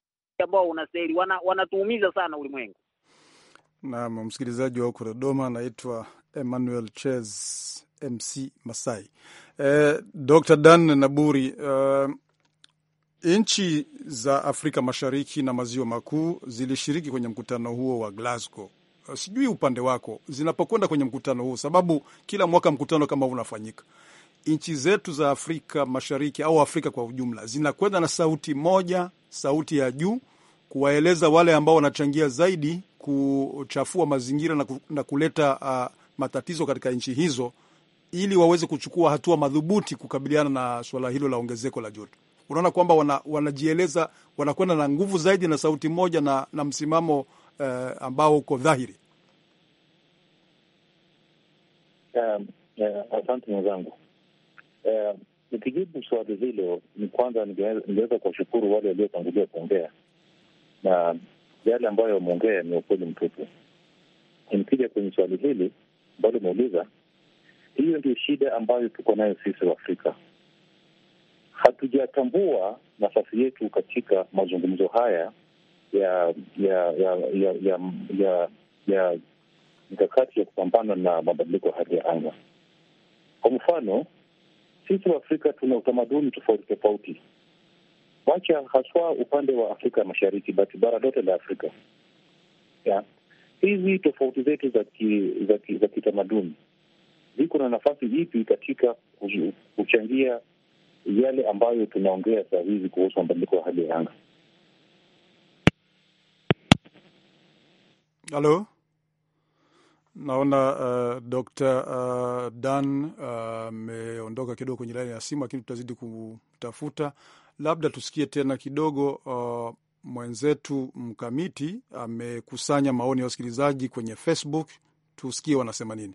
ambao unastahili wana, wanatuumiza sana ulimwengu. Naam, msikilizaji wa huko Dodoma anaitwa Emmanuel Ches MC Masai. Eh, Dr. Dan Naburi, eh, nchi za Afrika Mashariki na Maziwa Makuu zilishiriki kwenye mkutano huo wa Glasgow. Eh, sijui upande wako zinapokwenda kwenye mkutano huo, sababu kila mwaka mkutano kama huu unafanyika nchi zetu za Afrika Mashariki au Afrika kwa ujumla zinakwenda na sauti moja, sauti ya juu kuwaeleza wale ambao wanachangia zaidi kuchafua mazingira na, ku, na kuleta uh, matatizo katika nchi hizo ili waweze kuchukua hatua madhubuti kukabiliana na suala hilo la ongezeko la joto. Unaona kwamba wana, wanajieleza wanakwenda na nguvu zaidi na sauti moja na, na msimamo uh, ambao uko dhahiri. um, yeah, mwenzangu. Eh, nikijibu eh, swali hilo, ni kwanza ningeweza kuwashukuru wale waliotangulia kuongea, na yale ambayo wameongea ni ukweli mtupu. Nikija kwenye swali hili ambalo umeuliza, hiyo ndio shida ambayo tuko nayo sisi wa afrika Hatujatambua nafasi yetu katika mazungumzo haya ya ya ya ya ya, ya, ya mikakati ya kupambana na mabadiliko ya hali ya anga. Kwa mfano sisi wa afrika tuna utamaduni tofauti tofauti, wacha haswa upande wa Afrika Mashariki, basi bara lote la Afrika ya. Hizi tofauti zetu za ki, za kitamaduni ziko na nafasi ipi katika kuchangia yale ambayo tunaongea saa hizi kuhusu mabadiliko ya hali ya anga? Halo. Naona uh, Dr uh, Dan uh, ameondoka uh, kidogo kwenye laini ya simu, lakini tutazidi kumtafuta. Labda tusikie tena kidogo uh, mwenzetu Mkamiti amekusanya maoni ya wasikilizaji kwenye Facebook, tusikie wanasema nini.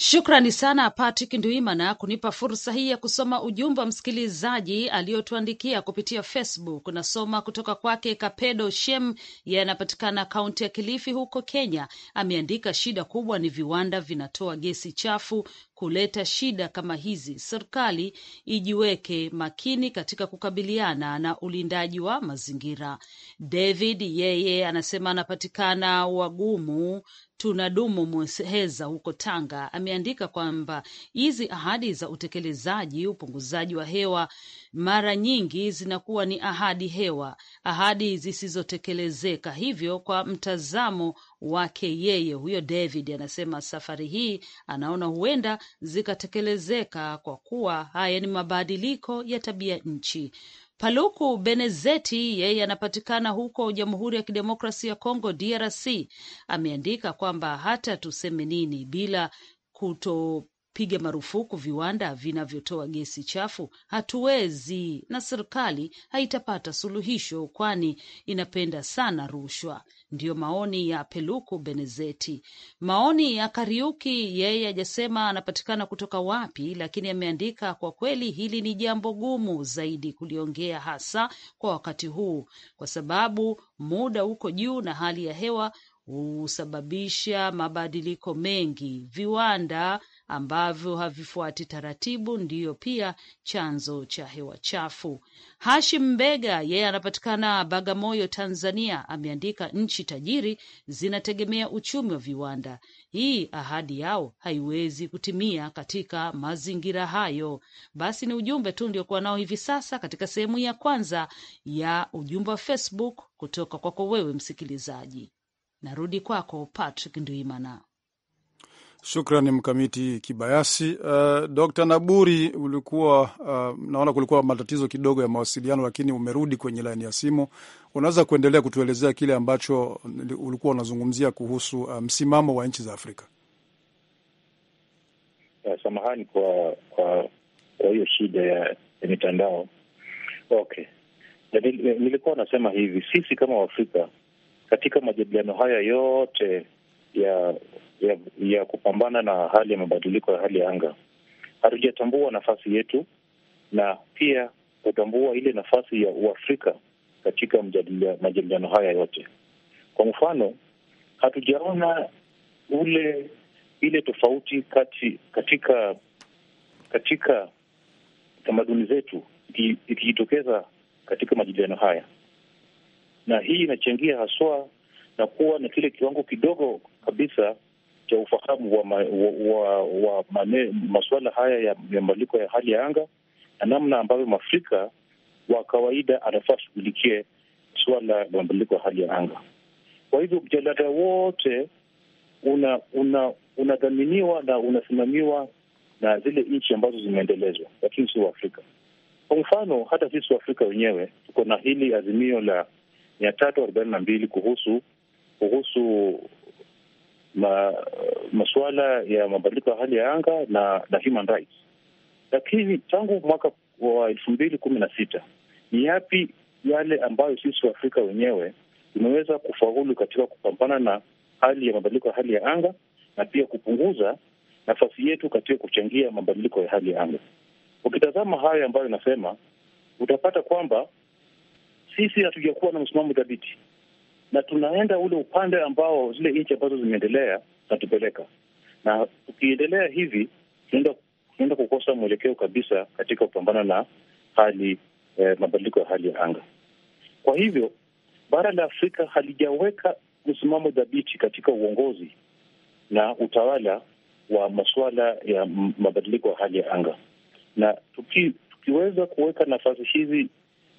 Shukrani sana Patrick Nduimana kunipa fursa hii ya kusoma ujumbe wa msikilizaji aliyotuandikia kupitia Facebook. Nasoma kutoka kwake Kapedo Shem, yeye anapatikana kaunti ya Kilifi huko Kenya. Ameandika, shida kubwa ni viwanda vinatoa gesi chafu kuleta shida kama hizi. Serikali ijiweke makini katika kukabiliana na ulindaji wa mazingira. David yeye anasema anapatikana wagumu Tunadumu Muheza huko Tanga ameandika kwamba hizi ahadi za utekelezaji upunguzaji wa hewa mara nyingi zinakuwa ni ahadi hewa, ahadi zisizotekelezeka. Hivyo kwa mtazamo wake yeye, huyo David anasema safari hii anaona huenda zikatekelezeka kwa kuwa haya ni mabadiliko ya tabia nchi. Paluku Benezeti, yeye anapatikana huko Jamhuri ya Kidemokrasi ya Kongo DRC, ameandika kwamba hata tuseme nini bila kuto kupiga marufuku viwanda vinavyotoa gesi chafu hatuwezi, na serikali haitapata suluhisho, kwani inapenda sana rushwa. Ndiyo maoni ya Peluku Benezeti. Maoni ya Kariuki, yeye hajasema anapatikana kutoka wapi, lakini ameandika kwa kweli, hili ni jambo gumu zaidi kuliongea, hasa kwa wakati huu, kwa sababu muda uko juu na hali ya hewa husababisha mabadiliko mengi. Viwanda ambavyo havifuati taratibu ndiyo pia chanzo cha hewa chafu. Hashim Mbega yeye anapatikana Bagamoyo, Tanzania, ameandika nchi tajiri zinategemea uchumi wa viwanda. Hii ahadi yao haiwezi kutimia katika mazingira hayo. Basi ni ujumbe tu ndiokuwa nao hivi sasa katika sehemu ya kwanza ya ujumbe wa Facebook kutoka kwako wewe msikilizaji. Narudi kwako Patrick Ndwimana. Shukrani Mkamiti Kibayasi. Uh, Dr. Naburi, ulikuwa uh, naona kulikuwa matatizo kidogo ya mawasiliano, lakini umerudi kwenye laini ya simu. Unaweza kuendelea kutuelezea kile ambacho ulikuwa unazungumzia kuhusu uh, msimamo wa nchi za Afrika. Samahani kwa kwa kwa hiyo shida ya mitandao. Okay, nilikuwa nasema hivi, sisi kama Waafrika katika majadiliano haya yote ya ya, ya kupambana na hali ya mabadiliko ya hali ya anga. Hatujatambua nafasi yetu na pia kutambua ile nafasi ya Uafrika katika majadiliano haya yote. Kwa mfano, hatujaona ule ile tofauti kati katika katika tamaduni zetu ikijitokeza katika majadiliano haya, na hii inachangia haswa na kuwa na kile kiwango kidogo kabisa cha ufahamu wa, ma, wa, wa mane, masuala haya ya, ya mabadiliko ya hali ya anga na namna ambavyo mwafrika wa kawaida anafaa shughulikie suala la mabadiliko ya hali ya anga. Kwa hivyo mjadala wote unadhaminiwa una, una na unasimamiwa na zile nchi ambazo zimeendelezwa, lakini si Waafrika. Kwa mfano, hata sisi Waafrika wenyewe tuko na hili azimio la mia tatu arobaini na mbili kuhusu kuhusu ma, masuala ya mabadiliko ya hali ya anga na na human rights. Lakini tangu mwaka wa elfu mbili kumi na sita ni yapi yale ambayo sisi Waafrika wenyewe tumeweza kufaulu katika kupambana na hali ya mabadiliko ya hali ya anga na pia kupunguza nafasi yetu katika kuchangia mabadiliko ya hali ya anga. Ukitazama hayo ambayo inasema, utapata kwamba sisi hatujakuwa na msimamo thabiti na tunaenda ule upande ambao zile nchi ambazo zimeendelea zinatupeleka na tukiendelea hivi tunaenda kukosa mwelekeo kabisa katika kupambana na hali eh, mabadiliko ya hali ya anga. Kwa hivyo bara la Afrika halijaweka msimamo dhabiti katika uongozi na utawala wa masuala ya mabadiliko ya hali ya anga, na tuki, tukiweza kuweka nafasi hizi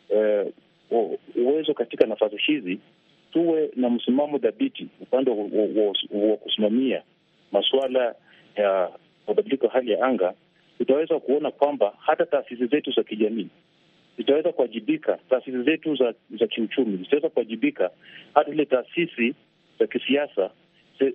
eh, uwezo katika nafasi hizi tuwe na msimamo dhabiti upande wa kusimamia masuala ya mabadiliko ya hali ya anga, tutaweza kuona kwamba hata taasisi zetu za kijamii zitaweza kuwajibika, taasisi zetu za za kiuchumi zitaweza kuwajibika, hata zile taasisi za kisiasa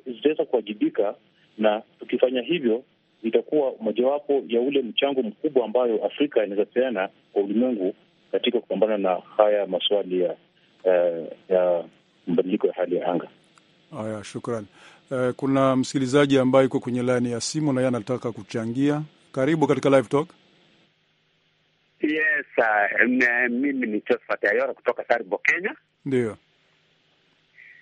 zitaweza kuwajibika, na tukifanya hivyo itakuwa mojawapo ya ule mchango mkubwa ambayo Afrika inaweza peana kwa ulimwengu katika kupambana na haya maswali ya, eh, ya, ya mabadiliko ya hali ya anga. Haya, shukran. Uh, kuna msikilizaji ambaye yuko kwenye laini ya simu na yeye anataka kuchangia. Karibu katika live talk. Yes, uh, mimi ni Josephat Ayora kutoka Taribo, Kenya. Ndio.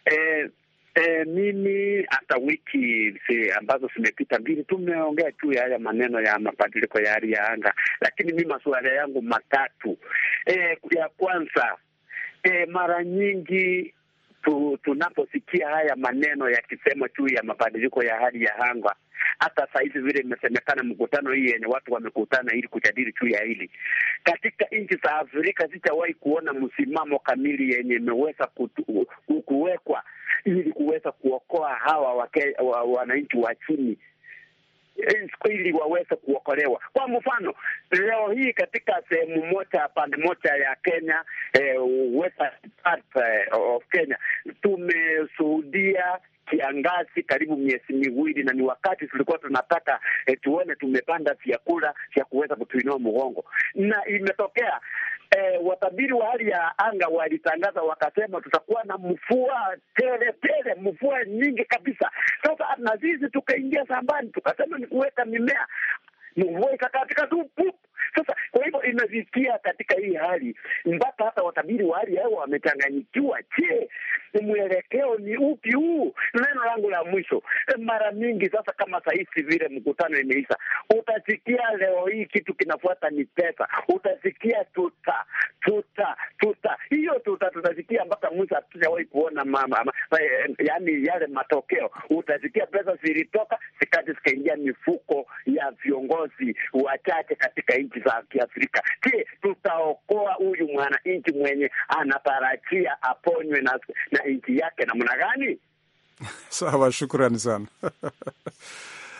Eh, eh, mimi hata wiki si, ambazo zimepita mbili tumeongea juu ya haya maneno ya mabadiliko ya hali ya anga, lakini mi masuala yangu matatu. Eh, ya kwanza, eh, mara nyingi tu, tunaposikia haya maneno yakisemwa juu ya mabadiliko ya hali ya hanga hata saa hizi vile imesemekana mkutano hii yenye watu wamekutana ili kujadili juu ya hili, katika nchi za Afrika sijawahi kuona msimamo kamili yenye imeweza kuwekwa ili kuweza kuokoa hawa wananchi wa chini Eh, ili waweze kuokolewa. Kwa mfano, leo hii katika sehemu moja, pande moja ya Kenya, eh, western part eh, of Kenya, tumeshuhudia kiangazi karibu miezi miwili, na ni wakati tulikuwa tunataka eh, tuone tumepanda vyakula vya kuweza kutuinua mgongo, na imetokea eh, watabiri wa hali ya anga walitangaza wakasema, tutakuwa na mvua tele tele, mvua nyingi kabisa. Sasa na sisi tukaingia sambani tukasema ni kuweka mimea, mvua ikakatika tu pup sasa kwa hivyo imefikia katika hii hali mpaka hata watabiri wa hali ya wamechanganyikiwa. Je, mwelekeo ni upi huu? Neno langu la mwisho, mara mingi sasa, kama sahisi vile mkutano imeisha, utasikia leo hii kitu kinafuata ni pesa, utasikia tuta tuta tuta, hiyo tuta tutasikia mpaka mwisho. Hatujawahi kuona mama, yani yale matokeo. Utasikia pesa zilitoka zikati zikaingia mifuko ya viongozi wachache katika nchi nchi za Kiafrika. Je, tutaokoa huyu mwananchi mwenye anatarajia aponywe na, na nchi yake namna gani? Sawa, shukrani sana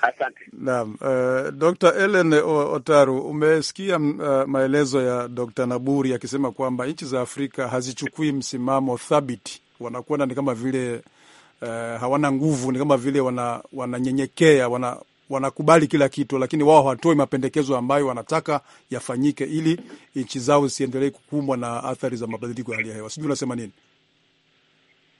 Asante. Naam, uh, eh, Dr. Ellen Otaru, umesikia uh, maelezo ya Dr. Naburi akisema kwamba nchi za Afrika hazichukui msimamo thabiti, wanakuwa ni kama vile uh, hawana nguvu, ni kama vile wananyenyekea, wana, wana wanakubali kila kitu, lakini wao hawatoi mapendekezo ambayo wanataka yafanyike ili nchi zao zisiendelee kukumbwa na athari za mabadiliko ya hali ya hewa. Sijui unasema nini?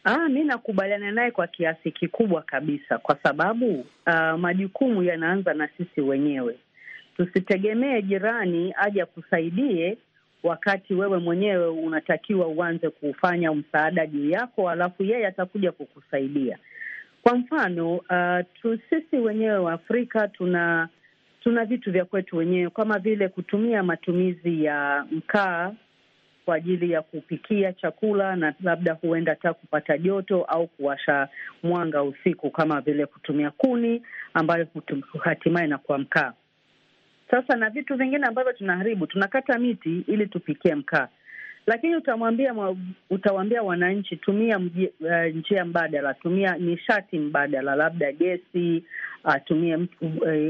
Ah, mi nakubaliana naye kwa kiasi kikubwa kabisa, kwa sababu uh, majukumu yanaanza na sisi wenyewe. Tusitegemee jirani aje kusaidie wakati wewe mwenyewe unatakiwa uanze kufanya msaada juu yako, alafu yeye atakuja kukusaidia. Kwa mfano uh, tu, sisi wenyewe wa Afrika tuna tuna vitu vya kwetu wenyewe kama vile kutumia matumizi ya mkaa kwa ajili ya kupikia chakula na labda huenda hata kupata joto au kuwasha mwanga usiku, kama vile kutumia kuni ambayo hatimaye inakuwa mkaa. Sasa na vitu vingine ambavyo tunaharibu, tunakata miti ili tupikie mkaa lakini utamwambia utawaambia wananchi tumia uh, njia mbadala, tumia nishati mbadala, labda gesi uh, tumie uh,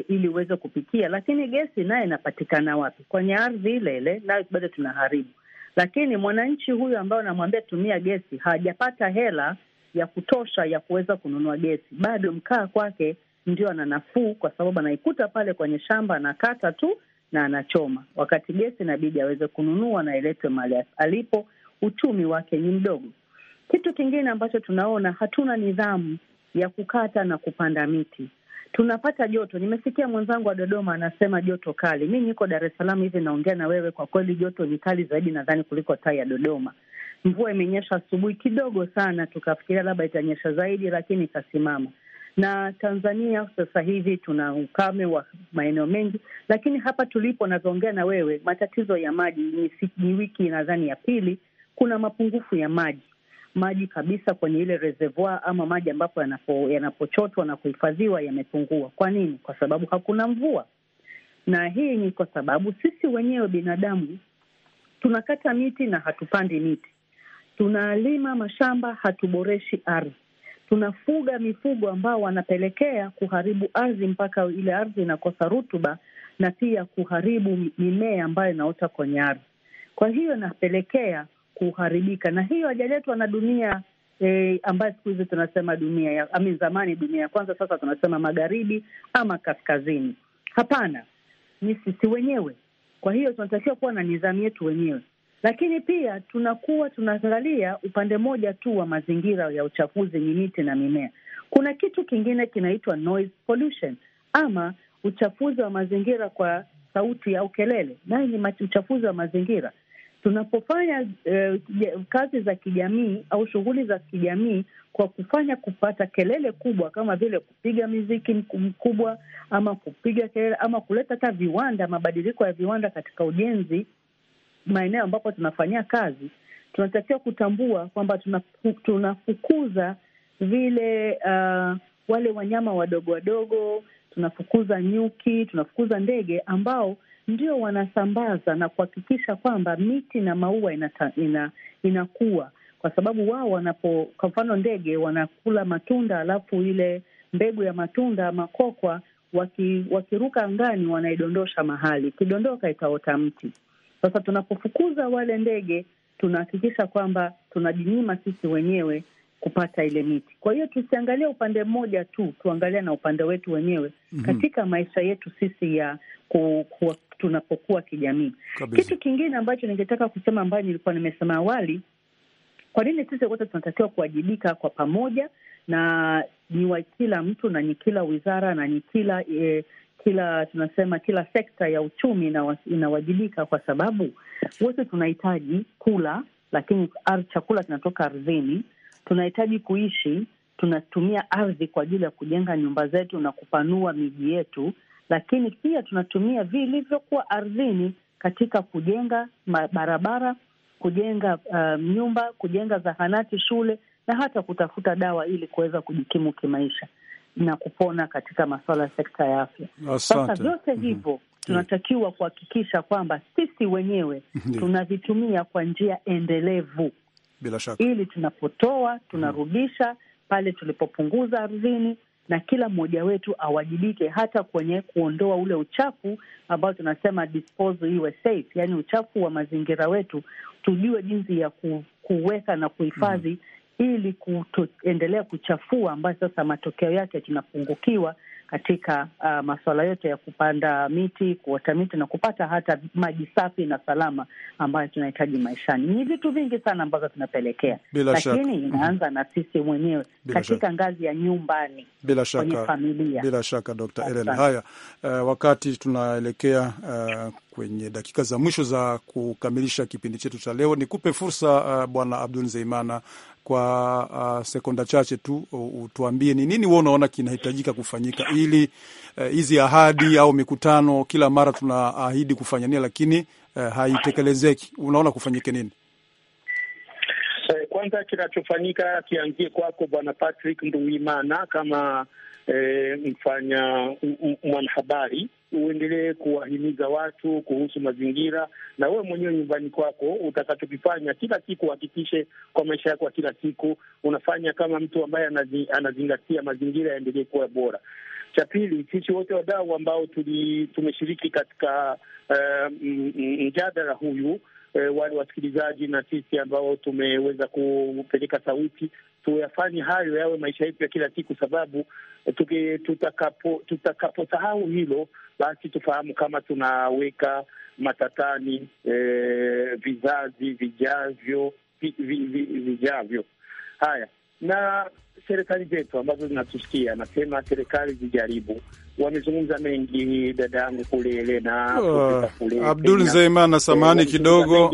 ili uweze kupikia. Lakini gesi naye inapatikana wapi? Kwenye ardhi ile ile, nayo bado tunaharibu. Lakini mwananchi huyu ambaye unamwambia tumia gesi hajapata hela ya kutosha ya kuweza kununua gesi, bado mkaa kwake ndio ana nafuu, kwa sababu anaikuta pale kwenye shamba, anakata tu na anachoma, wakati gesi inabidi aweze kununua na iletwe mahali alipo. Uchumi wake ni mdogo. Kitu kingine ambacho tunaona, hatuna nidhamu ya kukata na kupanda miti. Tunapata joto. Nimesikia mwenzangu wa Dodoma anasema joto kali. Mi niko Dar es Salaam hivi naongea na wewe, kwa kweli joto ni kali zaidi nadhani kuliko tai ya Dodoma. Mvua imenyesha asubuhi kidogo sana, tukafikiria labda itanyesha zaidi, lakini ikasimama na Tanzania sasa hivi tuna ukame wa maeneo mengi, lakini hapa tulipo nazoongea na wewe, matatizo ya maji ni wiki nadhani ya pili, kuna mapungufu ya maji maji kabisa kwenye ile reservoir ama maji ambapo yanapo, yanapochotwa na kuhifadhiwa yamepungua. Kwa nini? Kwa sababu hakuna mvua, na hii ni kwa sababu sisi wenyewe binadamu tunakata miti na hatupandi miti, tunalima mashamba, hatuboreshi ardhi tunafuga mifugo ambao wanapelekea kuharibu ardhi mpaka ile ardhi inakosa rutuba na pia kuharibu mimea ambayo inaota kwenye ardhi. Kwa hiyo inapelekea kuharibika, na hiyo hajaletwa na dunia eh, ambayo siku hizi tunasema dunia ya amin, zamani dunia ya kwanza, sasa tunasema magharibi ama kaskazini. Hapana, ni sisi wenyewe. Kwa hiyo tunatakiwa kuwa na nidhamu yetu wenyewe lakini pia tunakuwa tunaangalia upande mmoja tu wa mazingira ya uchafuzi ni miti na mimea. Kuna kitu kingine kinaitwa noise pollution ama uchafuzi wa mazingira kwa sauti au kelele, naye ni uchafuzi wa mazingira. Tunapofanya eh, kazi za kijamii au shughuli za kijamii kwa kufanya kupata kelele kubwa kama vile kupiga miziki mkubwa ama kupiga kelele ama kuleta hata viwanda, mabadiliko ya viwanda katika ujenzi maeneo ambapo tunafanyia kazi, tunatakiwa kutambua kwamba tunafukuza vile uh, wale wanyama wadogo wadogo, tunafukuza nyuki, tunafukuza ndege ambao ndio wanasambaza na kuhakikisha kwamba miti na maua inata, ina, inakuwa kwa sababu wao wanapo, kwa mfano ndege wanakula matunda, alafu ile mbegu ya matunda makokwa, waki, wakiruka angani wanaidondosha mahali, ikidondoka itaota mti. Sasa tunapofukuza wale ndege, tunahakikisha kwamba tunajinyima sisi wenyewe kupata ile miti. Kwa hiyo tusiangalie upande mmoja tu, tuangalie na upande wetu wenyewe mm -hmm. katika maisha yetu sisi ya ku, ku, tunapokuwa kijamii. Kitu kingine ambacho ningetaka kusema, ambayo nilikuwa nimesema awali, kwa nini sisi wote tunatakiwa kuwajibika kwa pamoja, na ni wa kila mtu na ni kila wizara na ni kila e, kila tunasema kila sekta ya uchumi inawajibika, kwa sababu wote tunahitaji kula, lakini chakula kinatoka ardhini. Tunahitaji kuishi, tunatumia ardhi kwa ajili ya kujenga nyumba zetu na kupanua miji yetu, lakini pia tunatumia vilivyokuwa ardhini katika kujenga barabara, kujenga uh, nyumba, kujenga zahanati, shule na hata kutafuta dawa ili kuweza kujikimu kimaisha na kupona katika masuala ya sekta ya afya. Sasa vyote mhm. hivyo tunatakiwa kuhakikisha kwamba sisi wenyewe tunavitumia kwa njia endelevu, bila shaka, ili tunapotoa tunarudisha pale tulipopunguza ardhini, na kila mmoja wetu awajibike hata kwenye kuondoa ule uchafu ambao tunasema disposal iwe safe, yani uchafu wa mazingira wetu, tujue jinsi ya kuweka na kuhifadhi mm -hmm ili kutoendelea kuchafua, ambayo sasa matokeo yake tunapungukiwa katika uh, masuala yote ya kupanda miti, kuota miti na kupata hata maji safi na salama ambayo tunahitaji maishani. Ni vitu vingi sana ambavyo vinapelekea, lakini inaanza na sisi mwenyewe katika shaka, ngazi ya nyumbani, bila shaka, familia. Bila shaka Dr. Ellen, haya uh, wakati tunaelekea uh, kwenye dakika za mwisho za kukamilisha kipindi chetu cha leo, nikupe fursa uh, Bwana Abdul Zeimana kwa uh, sekonda chache tu utuambie ni nini wewe unaona kinahitajika kufanyika ili uh, hizi uh, ahadi au mikutano kila mara tunaahidi kufanya nini lakini uh, haitekelezeki. Unaona kufanyike nini? Eh, kwanza kinachofanyika kianzie kwako Bwana Patrick Nduwimana kama eh, mfanya mwanahabari uendelee kuwahimiza watu kuhusu mazingira, na wewe mwenyewe nyumbani kwako utakachokifanya kila siku, uhakikishe kwa maisha yako ya kila siku unafanya kama mtu ambaye anazi, anazingatia mazingira yaendelee kuwa bora. Cha pili, sisi wote wadau ambao tuli, tumeshiriki katika uh, mjadala huyu E, wale wasikilizaji na sisi ambao tumeweza kupeleka sauti tuyafanye hayo yawe maisha yetu ya kila siku, sababu tuki, tutakapo tutakaposahau hilo, basi tufahamu kama tunaweka matatani e, vizazi vijavyo vi, vi, vi, vijavyo. Haya, na serikali zetu ambazo zinatusikia, nasema serikali zijaribu. Wamezungumza mengi dada yangu kule Elena uh, Abdul Zeiman eh, samahani kidogo,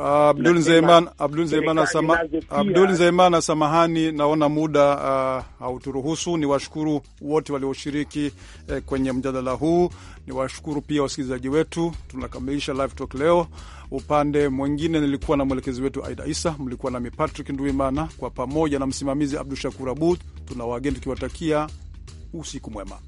ah, Abdul Zeiman Abdul Zeiman Abdul Zeiman samahani, naona muda ah, hauturuhusu. Uh, ni washukuru wote walioshiriki eh, kwenye mjadala huu. Ni washukuru pia wasikilizaji wetu. Tunakamilisha live talk leo. Upande mwingine nilikuwa na mwelekezi wetu Aida Isa, mlikuwa nami Patrick Nduimana kwa pamoja na msimamizi Abdul Shakur Abud, tuna wageni tukiwatakia usiku mwema.